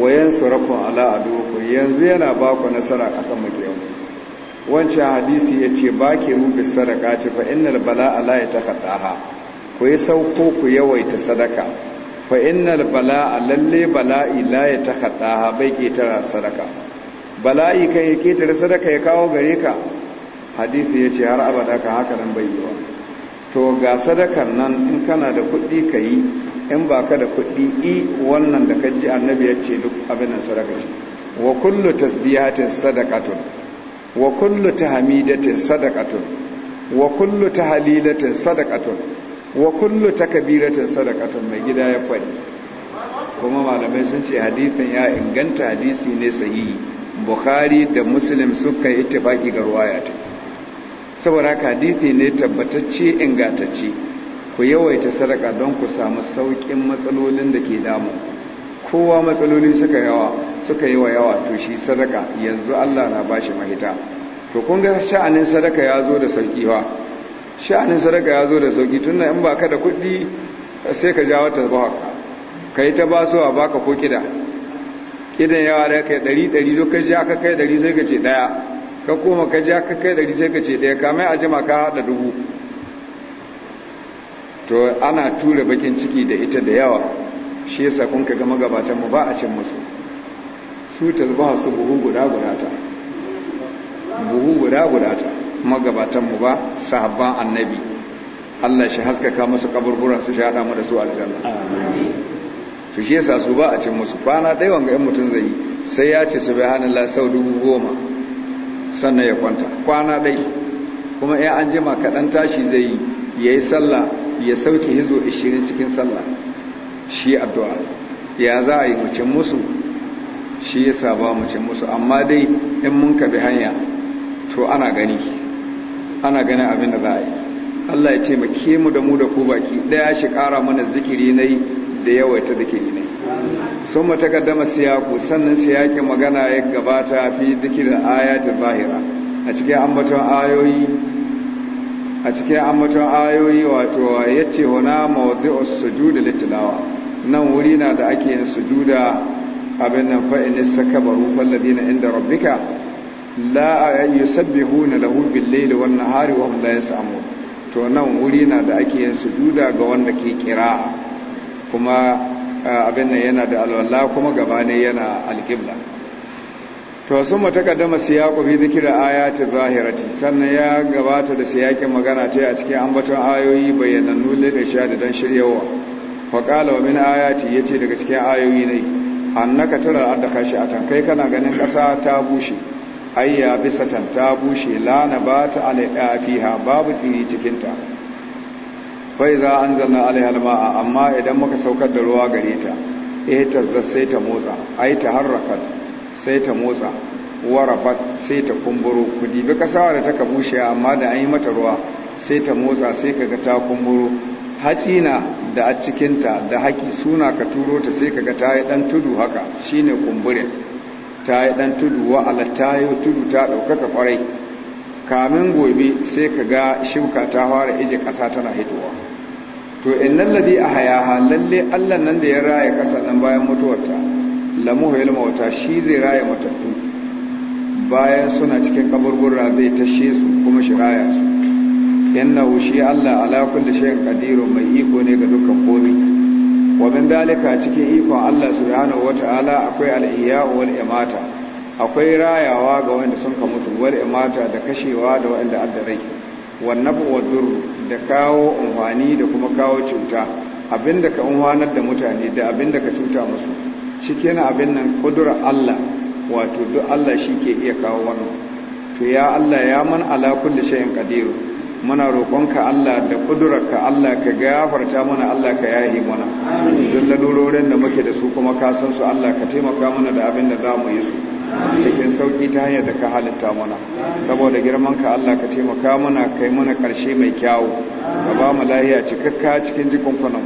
wayan surakun ala aduku yanzu yana ba ku nasara akan makiyanku wancan hadisi ya ce ba ke rubis sadaka ce fa innal bala'a la ya ha. ku yi sauko ku yawaita sadaka fa innal bala'a lalle bala'i la ya ha bai ketara sadaka bala'i kan yi ketara sadaka ya kawo gare ka hadisi yace har abada ka haka nan bai wa to ga sadakan nan in kana da kuɗi ka yi in ba ka da kuɗi i wannan da kaji annabi ya ce duk abin nan sadaka ce wa kullu tasbihatin sadaqatun wa kullu tahmidatin sadaqatun wa kullu tahlilatin sadaqatun wa kullu takabiratin sadaqatun mai gida ya faɗi kuma malamai sun ce hadithin ya inganta hadisi ne sahihi bukhari da muslim suka yi ittifaki ga ruwaya saboda haka hadisi ne tabbatacce ingantacce ku yawaita sadaka don ku samu saukin matsalolin da ke damu kowa matsaloli suka yawa suka yi wa yawa to shi sadaka yanzu Allah na bashi mahita to kun ga sha'anin sadaka ya zo da sauki sha'anin sadaka ya zo da sauki tun in ba ka da kuɗi sai ka ja wata zuwa ka ka yi ta basuwa ba ka ko kida kidan yawa da kai ɗari ɗari duk ka ja ka kai ɗari sai ka ce ɗaya ka koma ka ja ka kai ɗari sai ka ce ɗaya Ka a jima ka haɗa dubu to ana tura bakin ciki da ita da yawa shi sa kun ka gama gabatan mu ba a cin musu su talba su buhu guda guda ta buhu guda guda ta magabatanmu ba sahabban annabi Allah shi haskaka musu kaburburan su shaɗa mu da su aljanna su shi yasa su ba a cin musu kwana ɗaya wanga ‘yan mutum zai sai ya ce su bai hannun sau dubu goma sannan ya kwanta kwana ɗai kuma ‘yan an jima kaɗan tashi zai ya yi sallah ya sauke hizo ishirin cikin sallah shi addu'a ya za a yi cikin musu shi yasa ba cikin musu amma dai in mun ka hanya to ana gani ana ganin abin da za a yi Allah ya ce make mu da mu da ku baki daya shi kara mana zikiri yi da yawaita zikiri nai sun mata siyaku sannan siyakin magana ya gabata fi zikirin ayatul zahira a cikin ambaton ayoyi a cikin ambaton ayoyi wato yace wana mawdu'us sujud nan wuri na da ake yin sujuda abin nan fa'in in sakaba rufal inda rabbika la huna da bil layli wan nahari wa hum la to nan wuri na da ake yin sujuda ga wanda ke kira kuma abin nan yana da alwala kuma gaba ne yana alqibla to sun matakaddama siyaqu fi dhikri ayati zahirati sannan ya gabata da siyakin magana ce a cikin ambaton ayoyi bayyanannu da sha da dan shiryawa wa qala wa min ayati yace daga cikin ayoyi ne annaka tara adda kashi atan kai kana ganin kasa ta bushe ayya bisatan ta bushe lana ba ta fiha babu tsiri cikinta Bai za an zanna alaihal amma idan muka saukar da ruwa gare ta ita eh sai ta motsa ai ta harrakat sai ta motsa warafat sai ta kumburo ku dibi kasawa da taka bushe amma da an yi mata ruwa sai ta motsa sai kaga ta kumburo hacina da a cikinta da haki suna ka turo ta sai kaga ta yi ɗan tudu haka shine kumburin ta yi ɗan tudu wa'ala ta yi tudu ta ɗaukaka ƙwarai kamin gobe sai ka ga shuka ta fara ije ƙasa tana hitowa to innan ladi a hayaha lalle allah nan da ya raya ƙasa nan bayan mutuwarta lamu ya wata shi zai raya matattu bayan suna cikin kaburbura zai tashe su kuma shi raya su allah ala kulle shayin kadiru mai iko ne ga dukkan komi. wa dalika cikin ikon Allah subhanahu wata'ala akwai al wal imata akwai rayawa ga wanda sun ka mutu wal imata da kashewa da wanda adda rai wan nabu wa dur da kawo umfani da kuma kawo cuta abinda ka umfanar da mutane da abinda ka cuta musu cikin abin nan kudura Allah wato duk Allah shi ke iya kawo wannan to ya Allah ya man ala kulli shay'in qadir muna roƙonka Allah da kudurarka Allah ka gafarta mana Allah ka yahi mana don lalurorin da muke da su kuma ka san su Allah ka taimaka mana da abin da za mu yi su cikin sauƙi ta hanyar da ka halitta mana saboda girman ka Allah ka taimaka mana kai mana ƙarshe mai kyawu ka ba mu lahiya cikakka cikin jikunkunan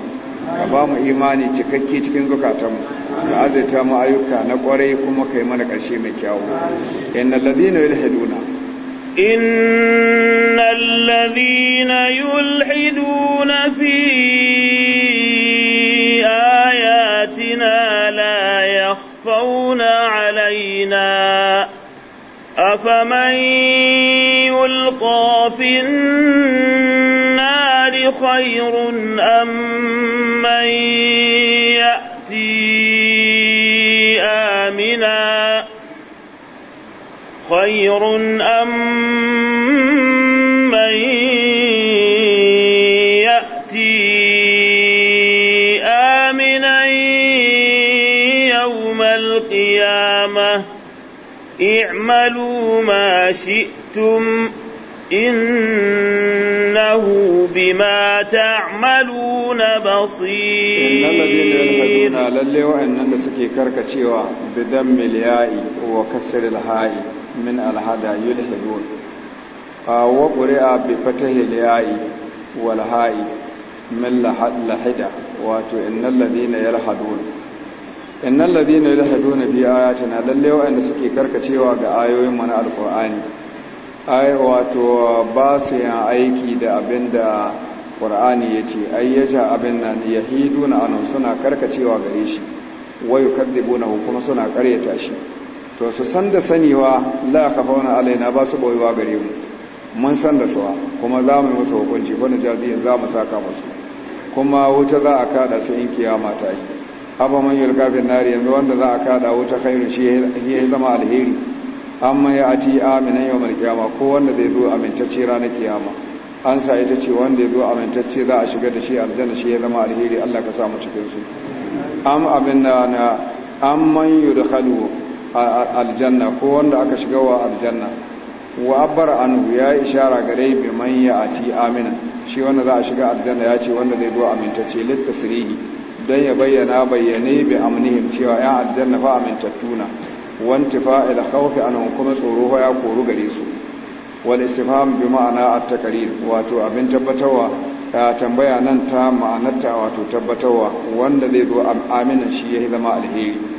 ka ba mu imani cikakke cikin mu ka azaita mu ayyuka na kwarai kuma kai mana ƙarshe mai kyawu Inna ladina yulhiduna إن الذين يلحدون في آياتنا لا يخفون علينا أفمن يلقى في النار خير أم من يأتي آمناً خير أم من يأتي آمنا يوم القيامة اعملوا ما شئتم إنه بما تعملون بصير إن الذين يلحدون للي وإن النسكي كركشيوا بدم الياء وكسر الهائي min alhada yulhidun Kawo quri'a bi fatahi liya'i wal ha'i min lahada wato innal ladina yalhadun innal ladina yalhaduna bi ayatina lalle wa'anda suke karkacewa ga ayoyin mu na alqur'ani ai wato ba su yin aiki da abin da abinda qur'ani yace ayyaja abin nan yahiduna anu suna karkacewa gare shi wayu kadibuna kuma suna karyata shi to su san da sanewa la khafawna alaina ba su boyewa gare mu mun san da suwa kuma za mu yi musu hukunci wanda jaziyin za mu saka musu kuma wuta za a kada su in kiyama ta yi abu man yulka fi nari yanzu wanda za a kada wuta khairu shi ya zama alheri amma ya ati aminan mai kiyama ko wanda zai zo amintacce ranar kiyama an sa ita ce wanda ya zo amintacce za a shiga da shi aljanna shi ya zama alheri Allah ka samu cikin su am abin na amman yudkhalu aljanna ko wanda aka shiga wa aljanna wa abbar an ya ishara gare bi man ya ati amina shi wanda za a shiga aljanna ya ce wanda zai zo amintacce littasirihi dan ya bayyana bayyane bi amnihim cewa ya aljanna fa amintattuna wanti fa'il khawfi an kuma tsoro fa ya koru gare su wal istifham bi ma'ana at takrir wato abin tabbatarwa tambaya nan ta ma'anarta wato tabbatarwa wanda zai zo amina shi ya zama alheri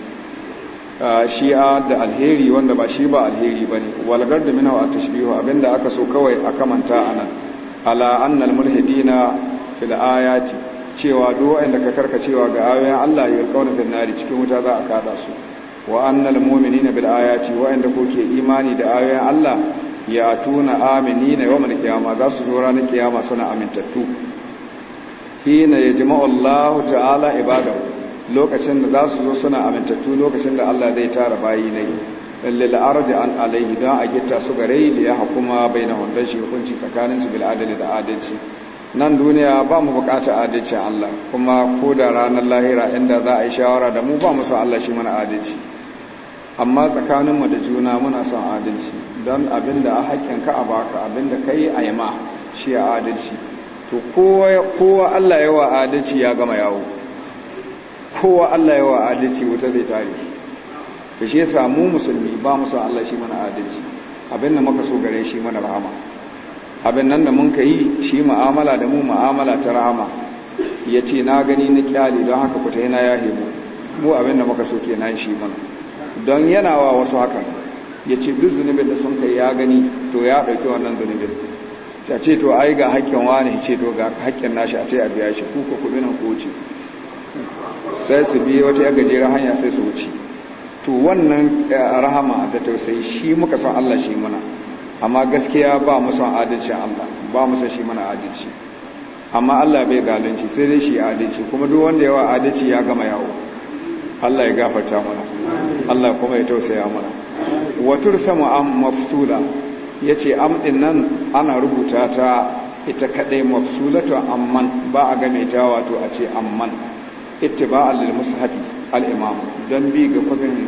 shi'a da alheri wanda ba shi ba alheri ba ne walgar da minawa a tashbihu abinda aka so kawai a kamanta a nan ala annal mulhidina fil ayati cewa duk wanda ka karkacewa ga ayoyin Allah ya kauna da nari cikin wuta za a kada su wa annal mu'minina bil ayati wa'anda kuke imani da ayoyin Allah ya tuna aminina yawmal qiyama za su zo ranar kiyama suna amintattu hina yajma'u Allahu ta'ala ibadahu lokacin da za su zo suna amintattu lokacin da Allah zai tara bayi na yi. lil ardi an Alayhi, da a gita su gare da ya hukuma bainahum wanda shi hukunci tsakanin su bil adali da adalci nan duniya ba mu bukata adalci Allah kuma ko da ranar lahira inda za a yi shawara da mu ba mu Allah shi mana adalci amma tsakaninmu da juna muna son adalci don abinda a hakkin ka a baka abinda kai a yi ma shi adalci to kowa Allah yawa adalci ya gama yawo kowa Allah yawa adalci wuta zai tare ta shi yasa mu musulmi ba mu san Allah shi mana adalci abin da muka so gare shi mana rahama abin nan da mun yi shi mu'amala da mu mu'amala ta rahama Ya ce na gani na kyale don haka ku ta yana ya hebu mu abin da muka so nan shi mana don yana wa wasu hakan Ya ce duk zunubin da sun kai ya gani to ya ɗauki wannan zunubin ta ce to ai ga haƙƙin wani ce to ga haƙƙin nashi a ce a biya shi ku ku kuɗi nan ko ce sai su biya wata ya jera hanya sai su wuce to wannan eh, rahama da tausayi shi muka san Allah shi mana amma gaskiya ba mu san adalci Allah ba mu san shi mana adalci amma Allah bai galanci sai dai shi adalci kuma duk wanda yawa adalci ya gama yawo Allah ya gafarta mana Allah kuma ya tausaya mana watur sama am mafsula yace am din nan ana rubuta ta ita kadai mafsulatu amman ba a game ta wato a ce amman ittiba'an lil mushafi al imam don bi ga kwafin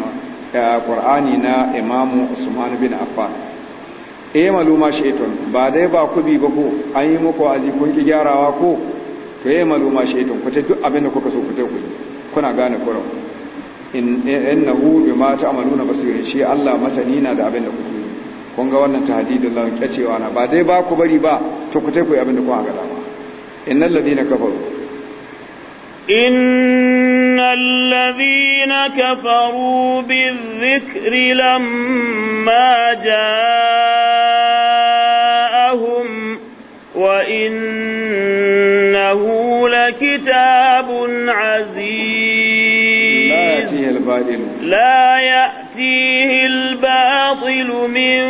eh, qur'ani na imamu usman bin affan eh maluma shaytan ba dai ba ku bi ba ko an yi muku azikun ki gyarawa ko to eh maluma shaytan ku ta duk abin da kuka so ku ta ku kuna gane in eh, innahu bima ta'maluna basir shi Allah masani na da abin da kuke kun ga wannan tahdidin lan kacewa na ba dai ba ku bari ba to ku ta ku abin da kuka ga dama innal ladina kafaru إن الذين كفروا بالذكر لما جاءهم وإنه لكتاب عزيز لا يأتيه الباطل من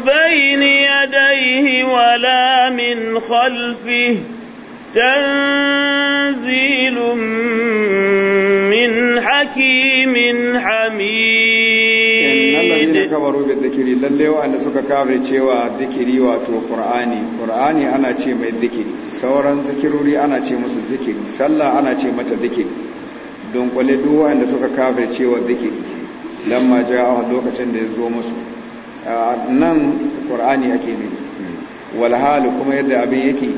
بين يديه ولا من خلفه تنزيل من حكيم حميد إن الذين كفروا بالذكر للي وأن سكا كافر cewa zikiri wato Qur'ani Qur'ani ana ce mai zikiri sauran zikirori ana ce musu zikiri sallah ana ce mata zikiri don kwale duk wanda suka kafir cewa zikiri lamma ja'a lokacin da ya zo musu nan Qur'ani ake ne wal kuma yadda abin yake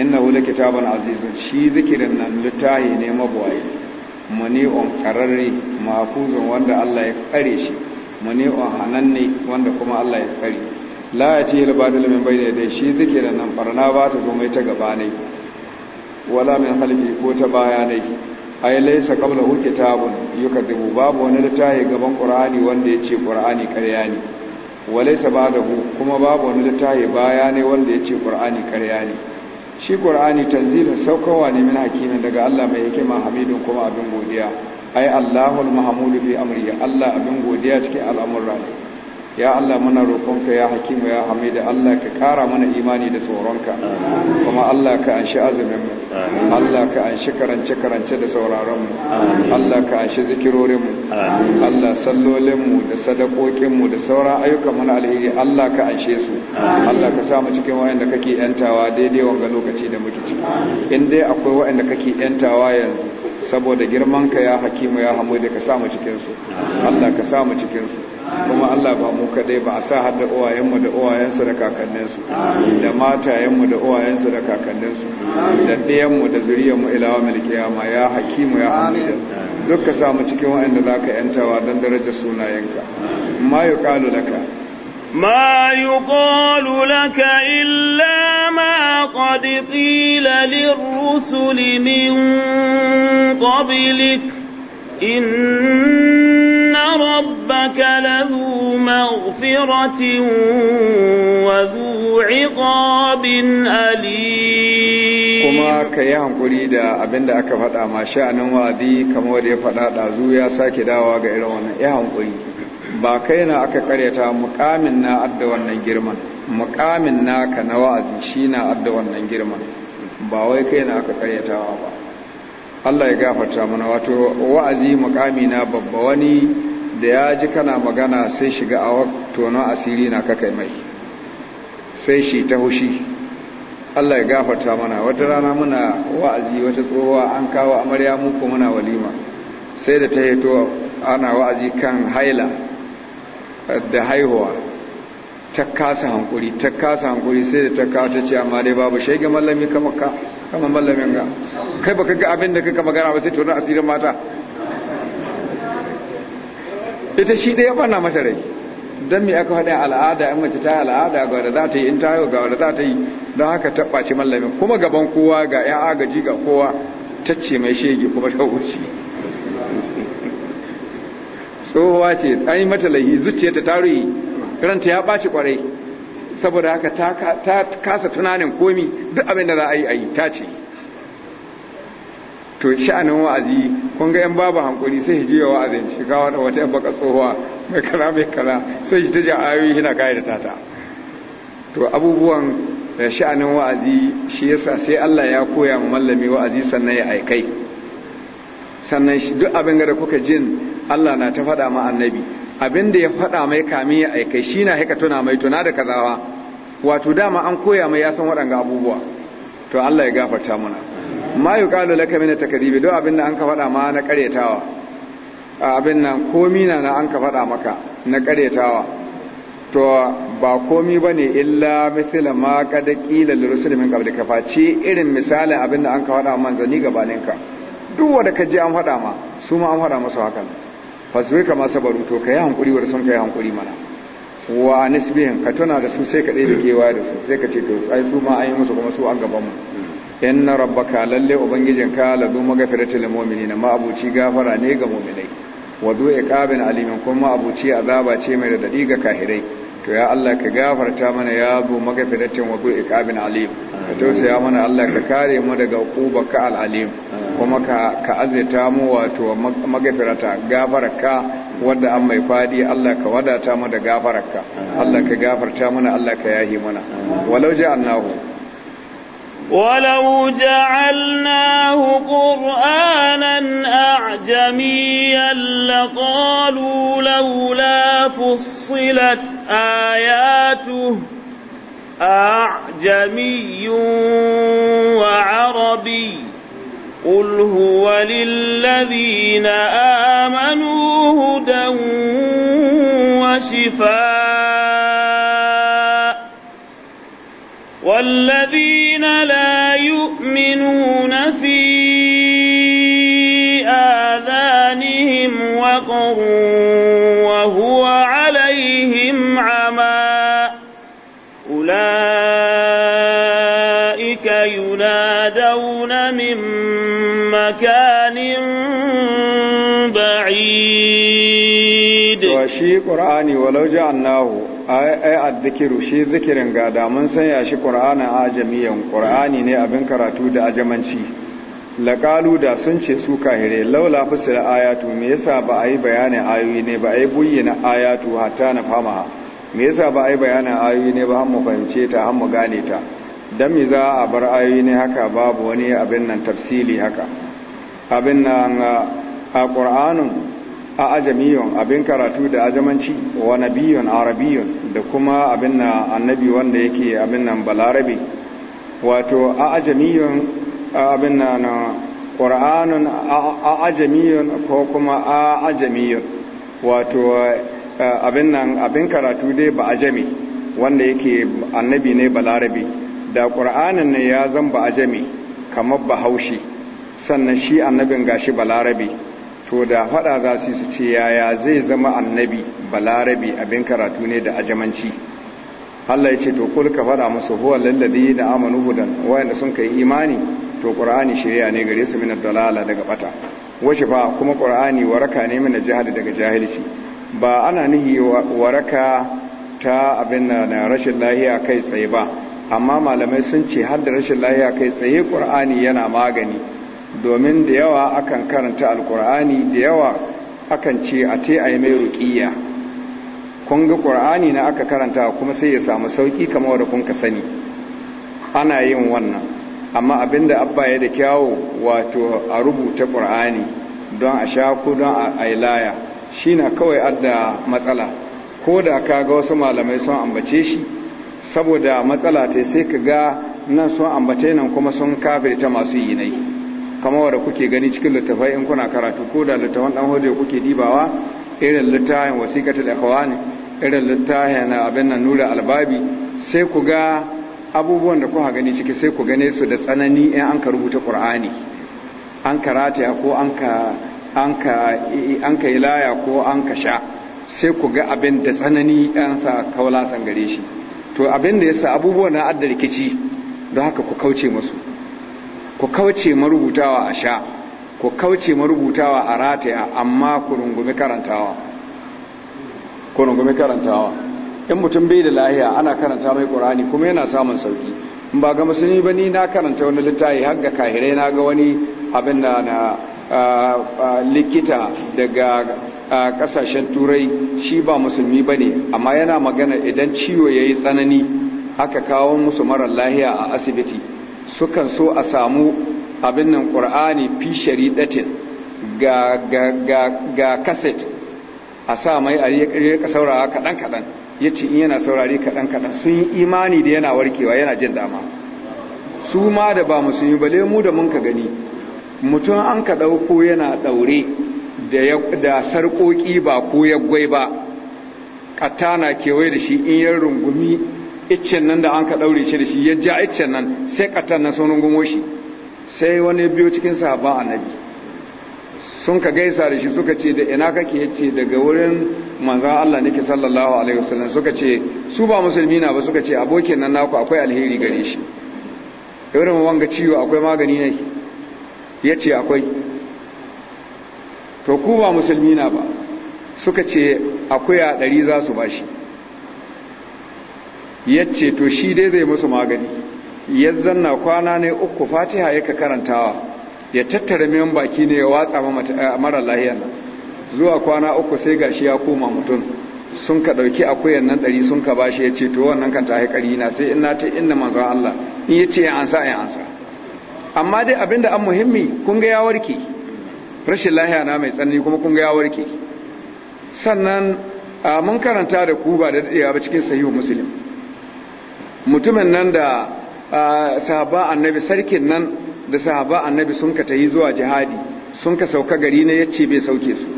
inna wula kitabun azizun shi zikirin nan littahi ne mabuwayi on kararre mahfuzun wanda Allah ya kare shi on hananne wanda kuma Allah ya tsare la ya ce labadul min bai da shi zikirin nan farna ba ta zo mai ta gaba ne wala min halfi ko ta baya ne ay laysa hu kitabun yukadibu babu wani littahi gaban qur'ani wanda ya ce qur'ani karya ne walaysa ba'dahu kuma babu wani littahi baya ne wanda ya ce qur'ani ƙarya ne shi ƙur'ani, tanzilin saukowa ne min hakimin daga Allah mai ma hamidun kuma abin godiya ai Allahul mahamudu bi amri Allah abin godiya cikin al'amuran ya Allah muna roƙonka ya hakimu ya hamida Allah ka kara mana imani da tsoronka kuma Allah ka anshi azuminmu. Allah ka anshi karance karance da sauraronmu. Allah ka anshi zikirorinmu. Allah sallolinmu da sadakokinmu da sauran ayyukan mana na alheri Allah ka anshe su Allah ka sa mu cikin wayanda kake yantawa daidai wanga lokaci da muke ciki in dai akwai wayanda kake yantawa yanzu saboda girman ka ya hakimu ya hamida ka sa mu cikin su Allah ka sa mu cikin su kuma Allah ba mu kadai ba a sa har da uwayenmu da uwayensu da kakanninsu da matayenmu da uwayensu da kakanninsu da ɗiyanmu da zuriyarmu ilawa milkiyama ya hakimu ya hamida duk ka samu cikin wa'anda za ka ‘yantawa don darajar sunayenka ma yi ƙalu laka ma yi ƙalu laka illa ma ƙadi ƙila lirrusuli min ƙabilik إن ربك لذو مغفرة وذو عقاب أليم kuma ka yi hankuri da abin da aka faɗa ma sha'anin wa'azi kamar da ya faɗa ɗazu ya sake dawa ga irin wannan ya ba kai na aka karyata mukamin na adda wannan girman mukamin naka na wa'azi shi na adda wannan girman ba wai kai na aka karyata ba Allah ya gafarta mana wato wa'azi mukamina na babba wani da ya ji kana magana sai shiga a na asiri na kakai mai sai shi ta hushi Allah ya gafarta mana wata rana muna wa'azi wata tsohuwa an kawo amarya ko muna walima sai da ta heto ana wa'azi kan haila da haihuwa ta kasa hankuri ta kasa hankuri sai da ta kawo ta ce amma dai babu shege mallami kamar ka kamar mallamin ga kai baka ga abin da kaka magana ba sai tonon asirin mata ita shi ɗaya bana mata rai don me aka hada al'ada in mace ta yi al'ada ga wadda za ta yi in ta yi ga wadda za ta yi don haka taɓaci mallamin kuma gaban kowa ga 'yan agaji ga kowa tacce mai shege kuma ta wuce tsohuwa ce an yi mata lahi zuciya ta tarihi ranta ya ɓaci kwarai. saboda haka ta kasa tunanin komi duk abin da za a yi a yi ta ce to sha'anin wa'azi kun ga 'yan babu hankuri sai hijiya wa'azin shi ga wata wata 'yan baka tsohuwa mai kala mai kala sai shi ta ji a ayoyi hina kayan da ta. to abubuwan da eh, sha'anin wa'azi shi yasa sai Allah ya koya mu mallami wa'azi sannan ya aikai sannan duk abin da kuka jin Allah na ta faɗa ma annabi Abinda ya faɗa mai kami ya aikai shi na haika tuna mai tuna da kazawa wato dama an koya mai ya san waɗanga abubuwa to Allah ya gafarta muna ma yi ƙalo laka mini takaribi don abin da an ka faɗa ma na ƙaretawa abin nan komi na na an ka faɗa maka na ƙaretawa to ba komi ba ne illa misila ma kada ƙila lirusul min kabli ka face irin misalin abin da an ka faɗa manzanni gabaninka duk wanda ka je an faɗa ma su ma an faɗa musu hakan ka kama baru to yi hankuri wa sun kai hankuri mana wa nisbihin ka tuna da su sai ka ɗaya da kewa da su sai ka ce to ai su ma an yi musu kuma su an gaban mu rabba rabbaka lalle ubangijin la du magfiratul mu'minina ma abuci gafara ne ga mu'minai wa du iqabin alimin kuma abuci azaba ce mai da ga kahirai to ya Allah ka gafarta mana ya du magfiratin wa du iqabin alimin ka tausaya mana Allah ka kare mu daga uba ka al'alim kuma ka azaita mu wato magafirata gafararka wadda an mai fadi Allah ka wadata mu da gafararka Allah ka gafarta mana Allah ka yahi mana walau ja'alnahu ولو جعلناه قرآنا أعجميا لقالوا لولا فصلت آياته أعجمي وعربي قل هو للذين آمنوا هدى وشفاء والذين لا يؤمنون في آذانهم وقرون مكان بعيد وشي قرآني ولو جعلناه ai addikiru shi zikirin gada mun sanya shi qur'ana ajamiyan qur'ani ne abin karatu da ajamanci laqalu da sun ce su kahire laula fasil ayatu me yasa ba a yi bayanin ayoyi ne ba a yi ayatu hatta na fama me yasa ba a bayanin ayoyi ne ba har mu fahimce ta har mu gane ta dan me za a bar ayoyi ne haka babu wani abin nan tafsili haka abin nan a ƙur'anun a ajamiyon abin karatu da ajamanci wa nabiyun arabiyun da kuma abin na annabi wanda yake abin nan balarabe wato a ajamiyon abin na ƙura'anun a ajamiyon ko kuma a ajamiyon wato abin nan abin karatu dai ba ajami wanda yake annabi ne balarabe da ƙura'anun ne ya zan ba ajami kamar ba bahaushe sannan shi annabin gashi balarabe to da faɗa za su su ce yaya zai zama annabi Balarabi abin karatu ne da ajamanci Allah ya ce to kul ka faɗa musu huwa lallabi da amanu hudan wayanda sun kai imani to qur'ani shari'a ne gare su min dalala daga bata wace fa kuma qur'ani waraka ne min jihad daga jahilci ba ana nihi waraka ta abin na rashin lahiya kai tsaye ba amma malamai sun ce har da rashin lahiya kai tsaye qur'ani yana magani domin da yawa akan karanta alkur'ani da yawa akan ce a te a yi mai ruƙiya kun ga ƙur'ani na aka karanta kuma sai ya samu sauƙi kama wadda kun sani ana yin wannan amma abinda abba ya da kyawo wato a rubuta ƙur'ani don a sha don a ilaya shi na kawai adda matsala ko da ka ga wasu malamai sun ambace shi saboda matsala ta sai ka ga nan sun ambace nan kuma sun kafirta masu yinai. kamar wadda kuke gani cikin littafai in kuna karatu ko da littafan dan hodiyo kuke dibawa irin littafin wasiqatul ikhwan irin littafin abin nan nura albabi sai ku ga abubuwan da kuka gani ciki sai ku gane su da tsanani in an ka rubuta qur'ani an karata ko an ka an ka an ka ilaya ko an ka sha sai ku ga abin da tsanani an sa kaula san gare shi to abin da yasa abubuwan na adda rikici don haka ku kauce musu ku kauce marubutawa a sha ku kauce marubutawa a rataya amma ku rungumi karantawa in mutum bai da lahiya ana karanta mai ƙorani kuma yana samun sauki ba ga musulmi ba ni na karanta wani littafi har ga kahirai na ga wani abin da na likita daga kasashen turai shi ba musulmi ba ne amma yana magana idan ciwo ya yi tsanani aka kawo musu marar lahiya a asibiti sukan so a samu abin nan ƙur'ani fi shari'atin ga kaset a sa mai a rika saurawa kaɗan-kaɗan ya ce in yana saurari kaɗan-kaɗan sun yi imani da yana warkewa yana jin dama su ma da ba musulmi bale mu da mun ka gani mutum an ka ɗauko yana ɗaure da sarƙoƙi ba ko yaggwai ba ƙatta na kewaye da shi in yin rungumi iccen nan da an ka daure shi da shi ya ja iccen nan sai katan na sunan gumo shi sai wani biyo cikin sahaba annabi sun ka gaisa da shi suka ce da ina kake yace daga wurin manzon Allah nake sallallahu alaihi wasallam suka ce su ba musulmi na ba suka ce abokin nan naku akwai alheri gare shi irin wanga ciwo akwai magani ne yace akwai to ku ba musulmi na ba suka ce akwai a ɗari za su bashi ya ce to shi dai zai musu magani ya zanna kwana ne uku fatiha ya ka karantawa ya tattara miyan baki ne ya watsa eh, mara lahiyar nan zuwa kwana uku sai gashi ya koma mutum sun ka ɗauki akuyan nan ɗari sun ka bashi ya ce to wannan kan ta haikari na sai in na ta inna manzon Allah in ya ce ya ansa an ansa amma dai abinda an muhimmi kun ga ya warke rashin lahiya na mai tsanani kuma kun ga ya warke sannan mun karanta da ku ba da daɗewa ba cikin sahihu muslim mutumin nan da sahaba annabi sarkin nan da sahaba annabi sun ka tayi zuwa jihadi sun ka sauka gari na yace bai sauke su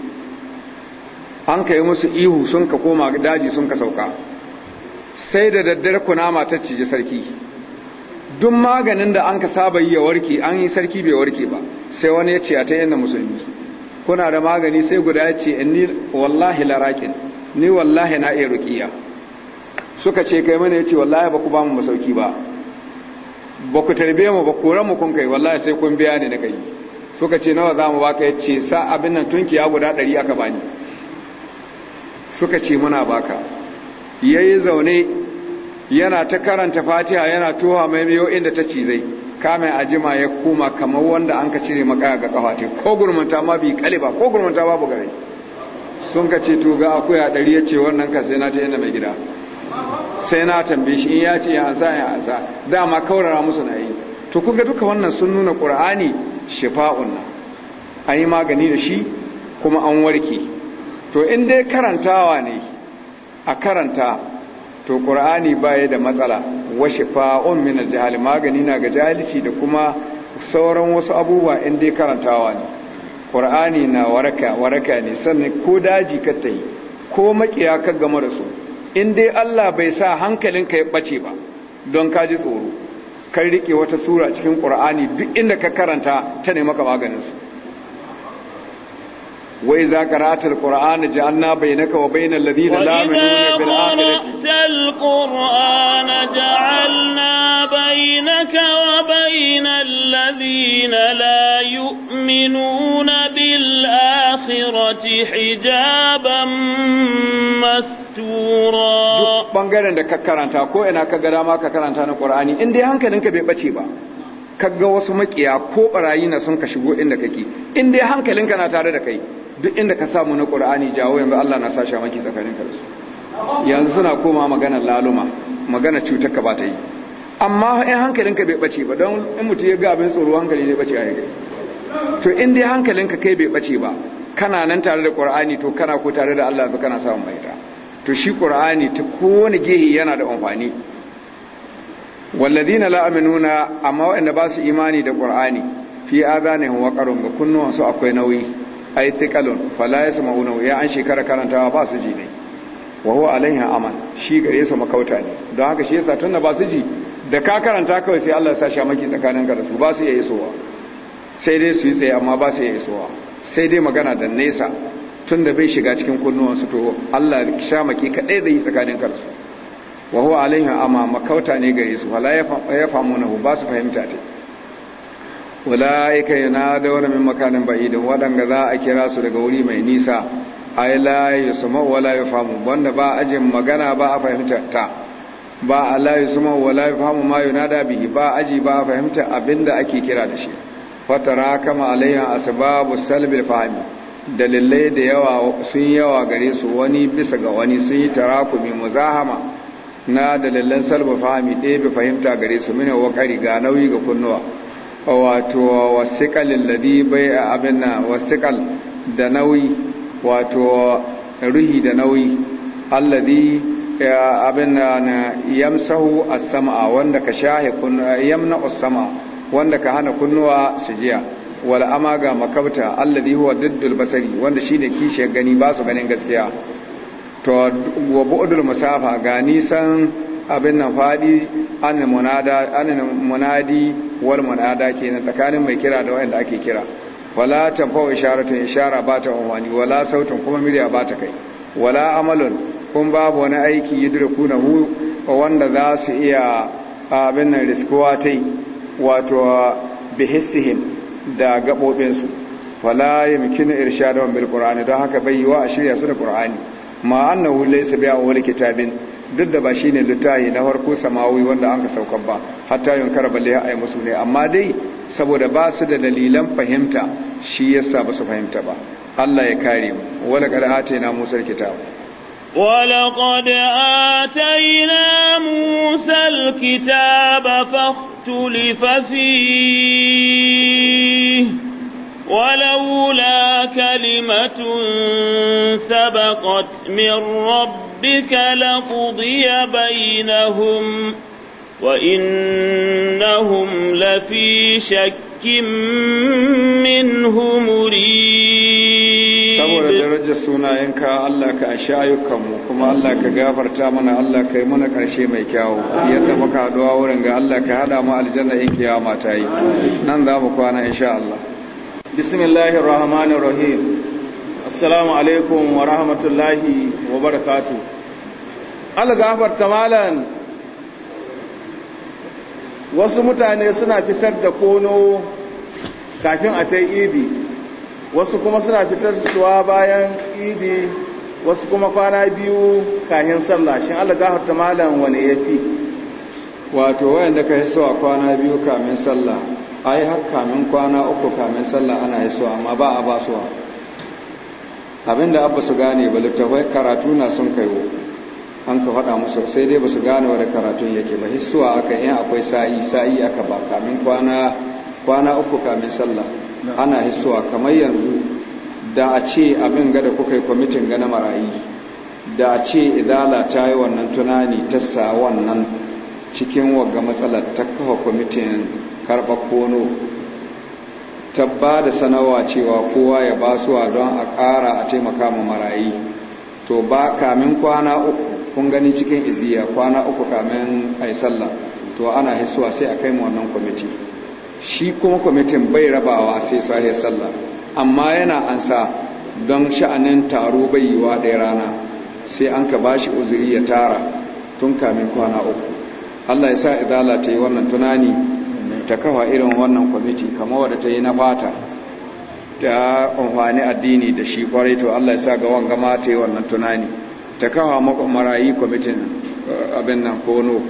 an ka musu ihu sun ka koma daji sun ka sauka sai da daddare kunama ta cije sarki duk maganin da an ka saba yi ya warke an yi sarki bai warke ba sai wani yace a ta musulmi kuna da magani sai guda yace inni ni wallahi larakin ni wallahi na iya rukiya suka ce kai mana yace wallahi ba ku ba mu masauki ba ba ku tarbe mu ba koran mu kun kai wallahi sai kun biya ne na kai suka ce nawa za mu baka yace sa abin nan tunki ya guda 100 aka bani suka ce muna baka yayi zaune yana ta karanta Fatiha yana tuha mai miyo inda ta cizai kame ajima ya koma kamar wanda an ka cire makaya ga kafati ko gurmunta ma bi ba ko gurmunta babu gare sun ka ce to ga akuya 100 yace wannan ka sai na ta yana mai gida sai na tambaye shi in eh, ya ce ya ansa ya ansa dama kaurara musu na yi to kuka duka wannan sun nuna qur'ani shifa'un nan an yi magani da shi kuma an warke to in dai karantawa ne a karanta to ƙura'ani baya da matsala wa shifa'un min jihali magani na ga jihalici da kuma sauran wasu abubuwa in dai karantawa ne ƙura'ani na waraka ne sannan ko daji ka yi ko makiya ka gama da su in dai Allah bai sa hankalinka ya ɓace ba don ka ji tsoro kai rike wata sura cikin Qur'ani duk inda ka karanta ta ne maka maganin su وإذا قرأت القرآن جعلنا بينك وبين الذين لا يؤمنون بالآخرة وإذا القرآن جعلنا بينك وبين الذين لا يؤمنون بالآخرة حجابا مستورا duk bangaren da ka karanta ko ina ka ga dama ka karanta na Qur'ani in dai hankalinka bai bace ba kaga wasu makiya ko barayi na sun ka shigo inda kake in dai hankalinka na tare da kai duk inda ka samu na qur'ani jawo yanzu Allah na sa shamaki tsakanin ka su yanzu suna koma magana laluma magana cutar ka ba ta yi amma in hankalinka bai bace ba don in mutum ya ga abin tsoro hankali ne bace gari. to in dai hankalinka kai bai bace ba kana nan tare da qur'ani to kana ko tare da Allah kana samun maita to shi qur'ani ta kowane gehe yana da amfani wallazina la aminuna amma wa'anda ba su imani da qur'ani fi adanihim waqarun ga su akwai nauyi ai tiqalun fala yasma'una ya an shekara karantawa ba su ji ne wa huwa alaiha amal shi gare sa makauta ne don haka shi yasa tunda ba su ji da ka karanta kawai sai Allah ya sa tsakanin ka da su ba su iya isowa sai dai su yi tsaye amma ba su iya isowa sai dai magana da nesa tun da bai shiga cikin kunnuwansu to Allah maki kaɗai da yi tsakanin karsu wa huwa alaihim amal makauta ne gare su wala ya famu na ba su fahimta ta ulaika yanadawna min makanin ba'idin wadanga za a kira su daga wuri mai nisa ay la yusma wa la yafhamu wanda ba ajin magana ba a fahimta ta ba la yusma wa la yafhamu ma yunada bihi ba aji ba a fahimta abinda ake kira da shi fatara kama alayhi asbabu salbil fahmi dalilai da yawa sun yawa gare su wani bisa ga wani sun yi tarakumi muzahama na dalilan salbul fahmi ɗaya bi fahimta gare su mina wakari ga nauyi ga kunnuwa wato wasiƙal ladi bai abin na wasiƙal da nauyi wato ruhi da nauyi alladi eh, abin na yamsahu as-sam'a wanda ka shahi yamna as-sam'a wanda ka hana kunnuwa sujiya wal ama ga makabta alladi huwa diddul basari wanda shine kishe gani ba su ganin gaskiya to wa bu'dul musafa ga nisan abin nan fadi anil munada munadi wal munada kenan tsakanin mai kira da wanda ake kira wala tanfa isharatun ishara ba ta umani wala sautin kuma murya ba ta kai wala amalun kun babu wani aiki hu wanda za su iya abin nan riskuwa tai wato bihissihim da gabobinsu wala yumkinu irshadahum bil qur'ani don haka bai yiwa a shirya su da qur'ani ma annahu laysa bi awwal kitabin duk da ba shi ne littahi na farko samawi wanda an ka sauka ba hatta yin kara balle ya musu ne amma dai saboda ba su da dalilan fahimta shi yasa ba su fahimta ba Allah ya kare mu wala qad atayna Musa alkitab wala qad atayna Musa alkitaba fakhtulifa fihi ولولا كلمة سبقت من ربك لقضي بينهم وإنهم لفي شك منه مريب saboda darajar sunayenka Allah ka ashe ayyukanmu kuma Allah ka gafarta mana Allah ka yi mana ƙarshe mai kyawu yadda muka haɗuwa wurin ga Allah ka haɗa mu aljanna in kiyama ta yi nan za mu kwana insha Allah bismillahir rahmanir rahim assalamu alaikum wa rahmatullahi wa barakatu algafar tamalan wasu mutane suna fitar da kono kafin a ta idi wasu kuma suna fitar suwa bayan idi wasu kuma kwana biyu kahin sallah shin algafar malam wani ya fi wato wayanda ka yi a kwana biyu kamin sallah ai har kamin kwana uku kamin sallah ana yi suwa amma ba a ba suwa abinda abba su gane ba littafai karatu na sun kaiwo an ka faɗa musu sai dai ba su gane wani karatun yake ba hissuwa aka yin akwai sa'i sa'i aka ba kamin kwana kwana uku kamin sallah ana hissuwa kamar yanzu da a ce abin gada kuka yi kwamitin gana marayi da a ce idala ta yi wannan tunani ta sa wannan cikin wagga matsalar ta kafa kwamitin karɓar kono ta ba da sanarwa cewa kowa ya basuwa don a ƙara a taimaka ma marayi to ba kamin kwana uku kun gani cikin iziya kwana uku kamin a yi sallah to ana hisuwa sai a kai wannan kwamiti shi kuma kwamitin bai rabawa sai su ahiyar sallah amma yana ansa don sha'anin taro bai yi wa ɗaya rana sai an ka ba shi uzuri ya tara tun kamin kwana uku allah ya sa idala ta yi wannan tunani ta kafa irin wannan kwamiti kama wadda ta yi na fata ta amfani addini da shi kwarai to Allah ya sa ga wanga ma ta yi wannan tunani ta kafa kwamitin eh, abin nan kono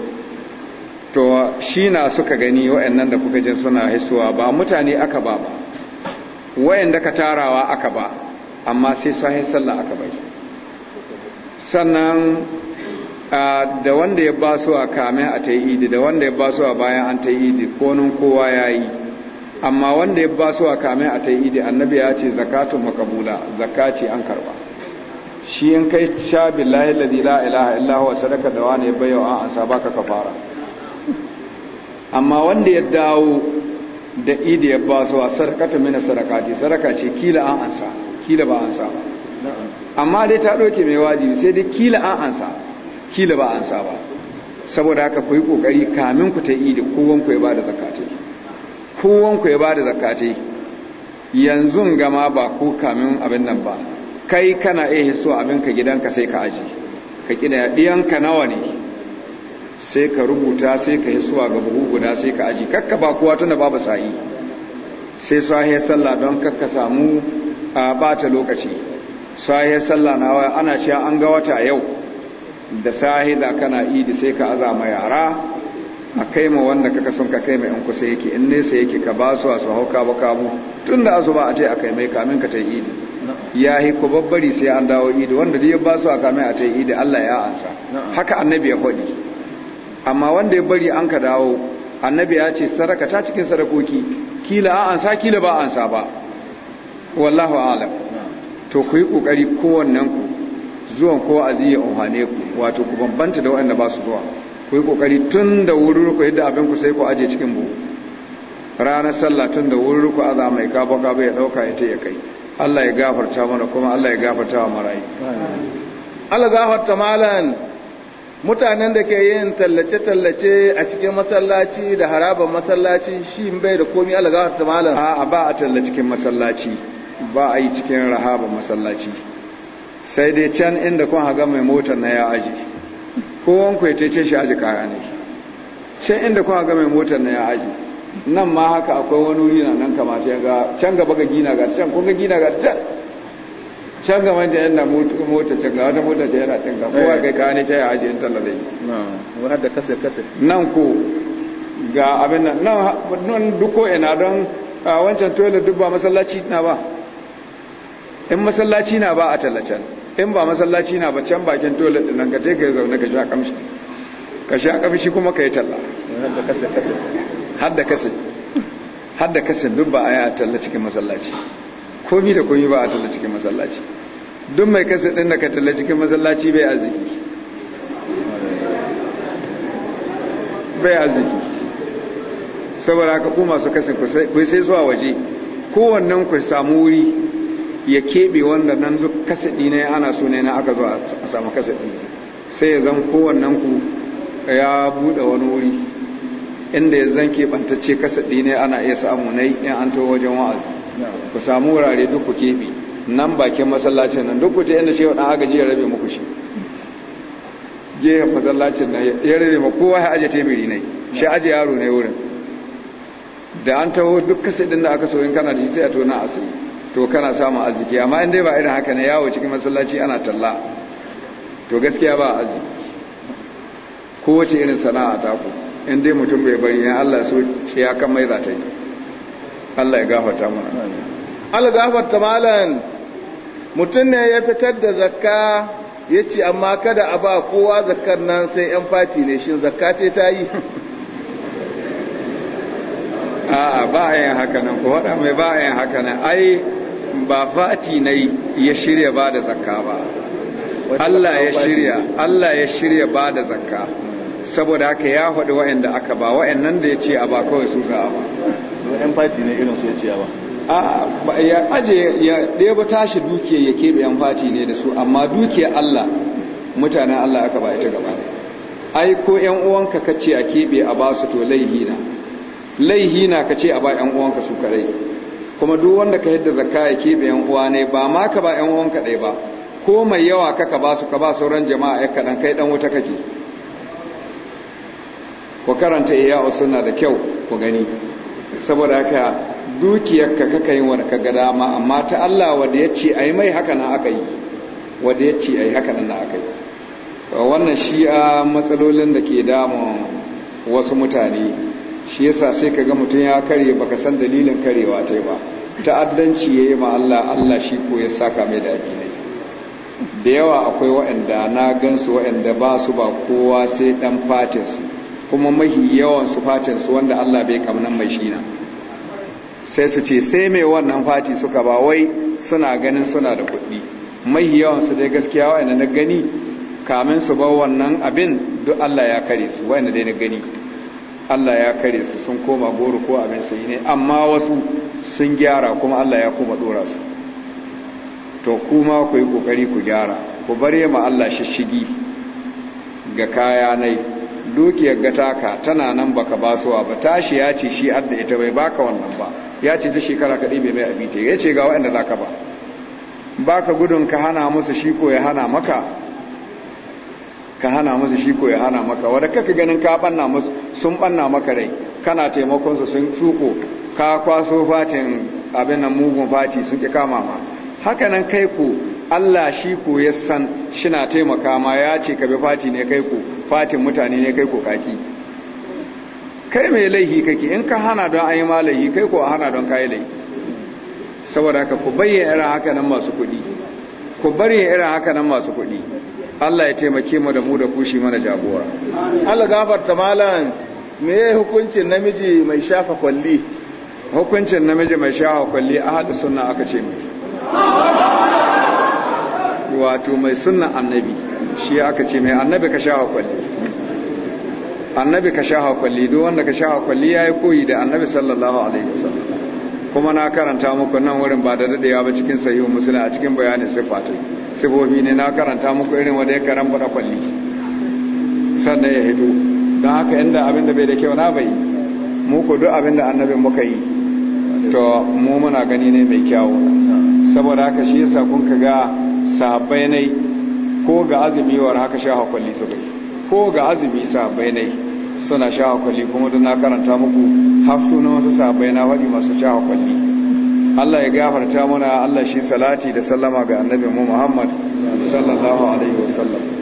to shi na suka gani wa'annan da kuka jin suna hisuwa ba mutane aka ba ba wa'anda ka tarawa aka ba amma sai sahin sallah aka bai sannan da wanda ya basu a kame a ta idi da wanda ya basu a bayan an ta idi konin kowa ya yi amma wanda ya basu a kame a ta idi annabi ya ce zakatun makabula zakaci an karba shi in kai sha billahi ladhi la ilaha illa sadaka da wani ya bayo an ansa baka kafara amma wanda ya dawo da idi ya basu a sarkata mina sarakati sadaka ce kila an ansa kila ba ansa amma dai ta doke mai wajibi sai dai kila an ansa kila ba an saba saboda haka ku yi kokari kamin ku ta idi kowan ku ya bada zakate kowan ku ya bada zakate yanzu gama ba ku kamin abin nan ba kai kana iya hisso abin ka gidanka sai ka aji ka kina diyanka nawa ne sai ka rubuta sai ka hisuwa ga buhu guda sai ka aji kakka ba kowa tana babu sa'i sai sahe sallah don kakka samu a bata lokaci sahe sallah na ana cewa an ga wata yau da sahida kana idi sai ka azama yara a kai ma wanda ka kasan ka kai mai in kusa yake in nesa yake ka ba su a su hau kabu kabu tun da asuba a ce a kai mai kamin ka ta idi ya yi ku babbari sai an dawo idi wanda da ya ba su a kamin a ta idi allah ya ansa haka annabi ya faɗi amma wanda ya bari an ka dawo annabi ya ce sadaka ta cikin sadakoki kila a ansa kila ba ansa ba wallahu alam to ku yi kokari kowannen ku zuwan ko aziya umhane ku wato ku bambanta da waɗanda ba su zuwa ku yi kokari tun da wurin ku yadda abin ku sai ku aje cikin buhu ranar sallah tun da wurin ku aza mai kaba kaba ya dauka ya ya kai Allah ya gafarta mana kuma Allah ya gafarta wa marayi Allah gafarta malan mutanen da ke yin tallace-tallace a cikin masallaci da harabar masallaci shi bai da komi Allah gafarta malan a ba a tallace cikin masallaci ba a yi cikin rahabar masallaci sai dai can inda kun haga mai motar na ya aji ko ku ya ce shi aji kaya ne can inda kun haga mai motar na ya aji nan ma haka akwai wani wuri na nan kamata ya ga can gaba ga gina ga can kun ga gina ga can can gaba ta yana mota can ga wata mota ce yana can ga kowa kai kaya ne ta ya aji in tallalai wani da kasir nan ko ga abin nan nan duk ko ina don wancan toilet duk ba masallaci na ba in masallaci na ba a tallacen in ba masallaci na ba can bakin dole din nan ka je ka zaune ka sha kamshi ka sha kamshi kuma ka yi talla har da kasin har da kasin duk ba a yi a talla cikin masallaci komi da komi ba a talla cikin masallaci duk mai kasin din da ka talla cikin masallaci bai arziki bai arziki saboda haka ku masu kasin ku sai zuwa waje kowannen ku samu wuri ya keɓe wanda nan duk kasaɗi ne ana so ne na aka zo a samu kasaɗi sai ya zan kowannen ku ya buɗe wani wuri inda ya zan keɓantacce kasaɗi ne ana iya samu na in an to wajen wa'azi ku samu wurare duk ku keɓe nan bakin masallacin nan duk ku ce inda wa ɗan agaji ya rabe muku shi gehen masallacin nan ya rabe ma kowa ya aje tebiri ne shi aje yaro ne wurin da an taho duk kasaɗin da aka so kana da shi sai a tona asali to kana samun arziki amma in dai ba irin haka ne yawo cikin masallaci ana talla to gaskiya ba arziki kowace irin sana'a ta ku in dai mutum bai bari yan Allah so ya kan mai zata yi Allah ya gafarta mana Allah gafarta malan mutum ne ya fitar da zakka ya ce amma kada a ba kowa zakkar nan sai yan fati ne shin zakka ce ta yi a'a ba a yin haka nan ko waɗanda mai ba a yin haka nan ai ba fati na ya shirya ba da zakka ba Allah ya shirya Allah ya shirya ba da zakka saboda haka ya faɗi wa'anda aka ba wa'annan da ya ce a ba kawai su za a ba yan fati ne irin su ya ce a ba a ya aje ya ɗebo tashi duke ya keɓe yan fati ne da su amma duke Allah mutanen Allah aka ba ita gaba ai ko yan uwanka kace a keɓe a ba su to laihina laihina kace a ba yan uwanka su kare kuma duk wanda ka hidda zakka ya keɓe yan uwa ne ba ma ka ba yan uwan kaɗai ba ko mai yawa ka ka ba su ka ba sauran jama'a ya dan kai ɗan wuta kake ku karanta iya suna da kyau ku gani saboda haka dukiyarka kaka yin wani kaga dama amma ta Allah wanda ya ce a mai haka na aka yi wanda ya ce a yi haka na aka yi wannan shi'a a matsalolin da ke damun wasu mutane shi yasa sai ka ga mutum ya karye baka san dalilin karewa ta ba ta'addanci ya yi ma Allah Allah shi ko ya saka mai da abin ne da yawa akwai waɗanda na gansu waɗanda ba su ba kowa sai fatin su kuma mahi yawan su su wanda Allah bai kamna mai shi na sai su ce sai mai wannan fati suka ba wai suna ganin suna da kuɗi mahi yawan su dai gaskiya waɗanda na gani kamin su ba wannan abin duk Allah ya kare su waɗanda dai na gani Allah ya kare su sun koma goro ko abin sayi ne amma wasu sun gyara kuma Allah ya kuma dora su to kuma ku yi kokari ku gyara ku bare ma Allah shishigi ga kaya nai dukiyar gataka tana nan baka basuwa ba tashi ya ce shi hadda ita bai baka wannan ba ya ce da shekara ka bai mai abita ya ce ga waɗanda zaka ba baka gudun ka hana musu shi ko ya hana maka ka hana musu shi ko ya hana maka wanda ka ganin ka banna musu sun banna maka rai kana taimakon su sun tuko ka kwaso fatin abin nan mugun faci suke kama ma haka nan kai ku Allah shi ko ya san shina taimaka ma ya ce ka bi faci ne kai ku fatin mutane ne kai ku kaki kai mai laihi kake in ka hana don ayi malahi kai ko hana don kai laihi saboda ka ku bayyana irin haka nan masu kuɗi ku bari irin haka nan masu kuɗi Allah ya taimake mu da mu da kushi mana jagora Allah gafarta malam me yayi hukuncin namiji mai shafa kwalli hukuncin namiji mai shafa kwalli hadu sunna aka ce mu. wato mai sunna annabi shi aka ce mai annabi ka shafa kwalli annabi ka shafa kwalli duk wanda ka shafa kwalli yayi koyi da annabi sallallahu alaihi wasallam kuma na karanta muku nan wurin ba da dadewa ba cikin sahihu muslim a cikin bayanin sifatai sibobi ne na karanta muku irin wanda ya karan kwalli sannan ya hito don haka inda abin da bai da kyau na bai muku duk abin da annabi muka yi to mu muna gani ne mai kyawu saboda haka shi yasa kun ka ga sabai ne ko ga azumi war haka sha kwalli su bai ko ga azumi sabai ne suna sha kwalli kuma duk na karanta muku har sunan wasu sabai na faɗi masu sha hakwalli Allah ya gafarta mana Allah shi salati da sallama ga annabi Muhammad sallallahu alaihi wasallam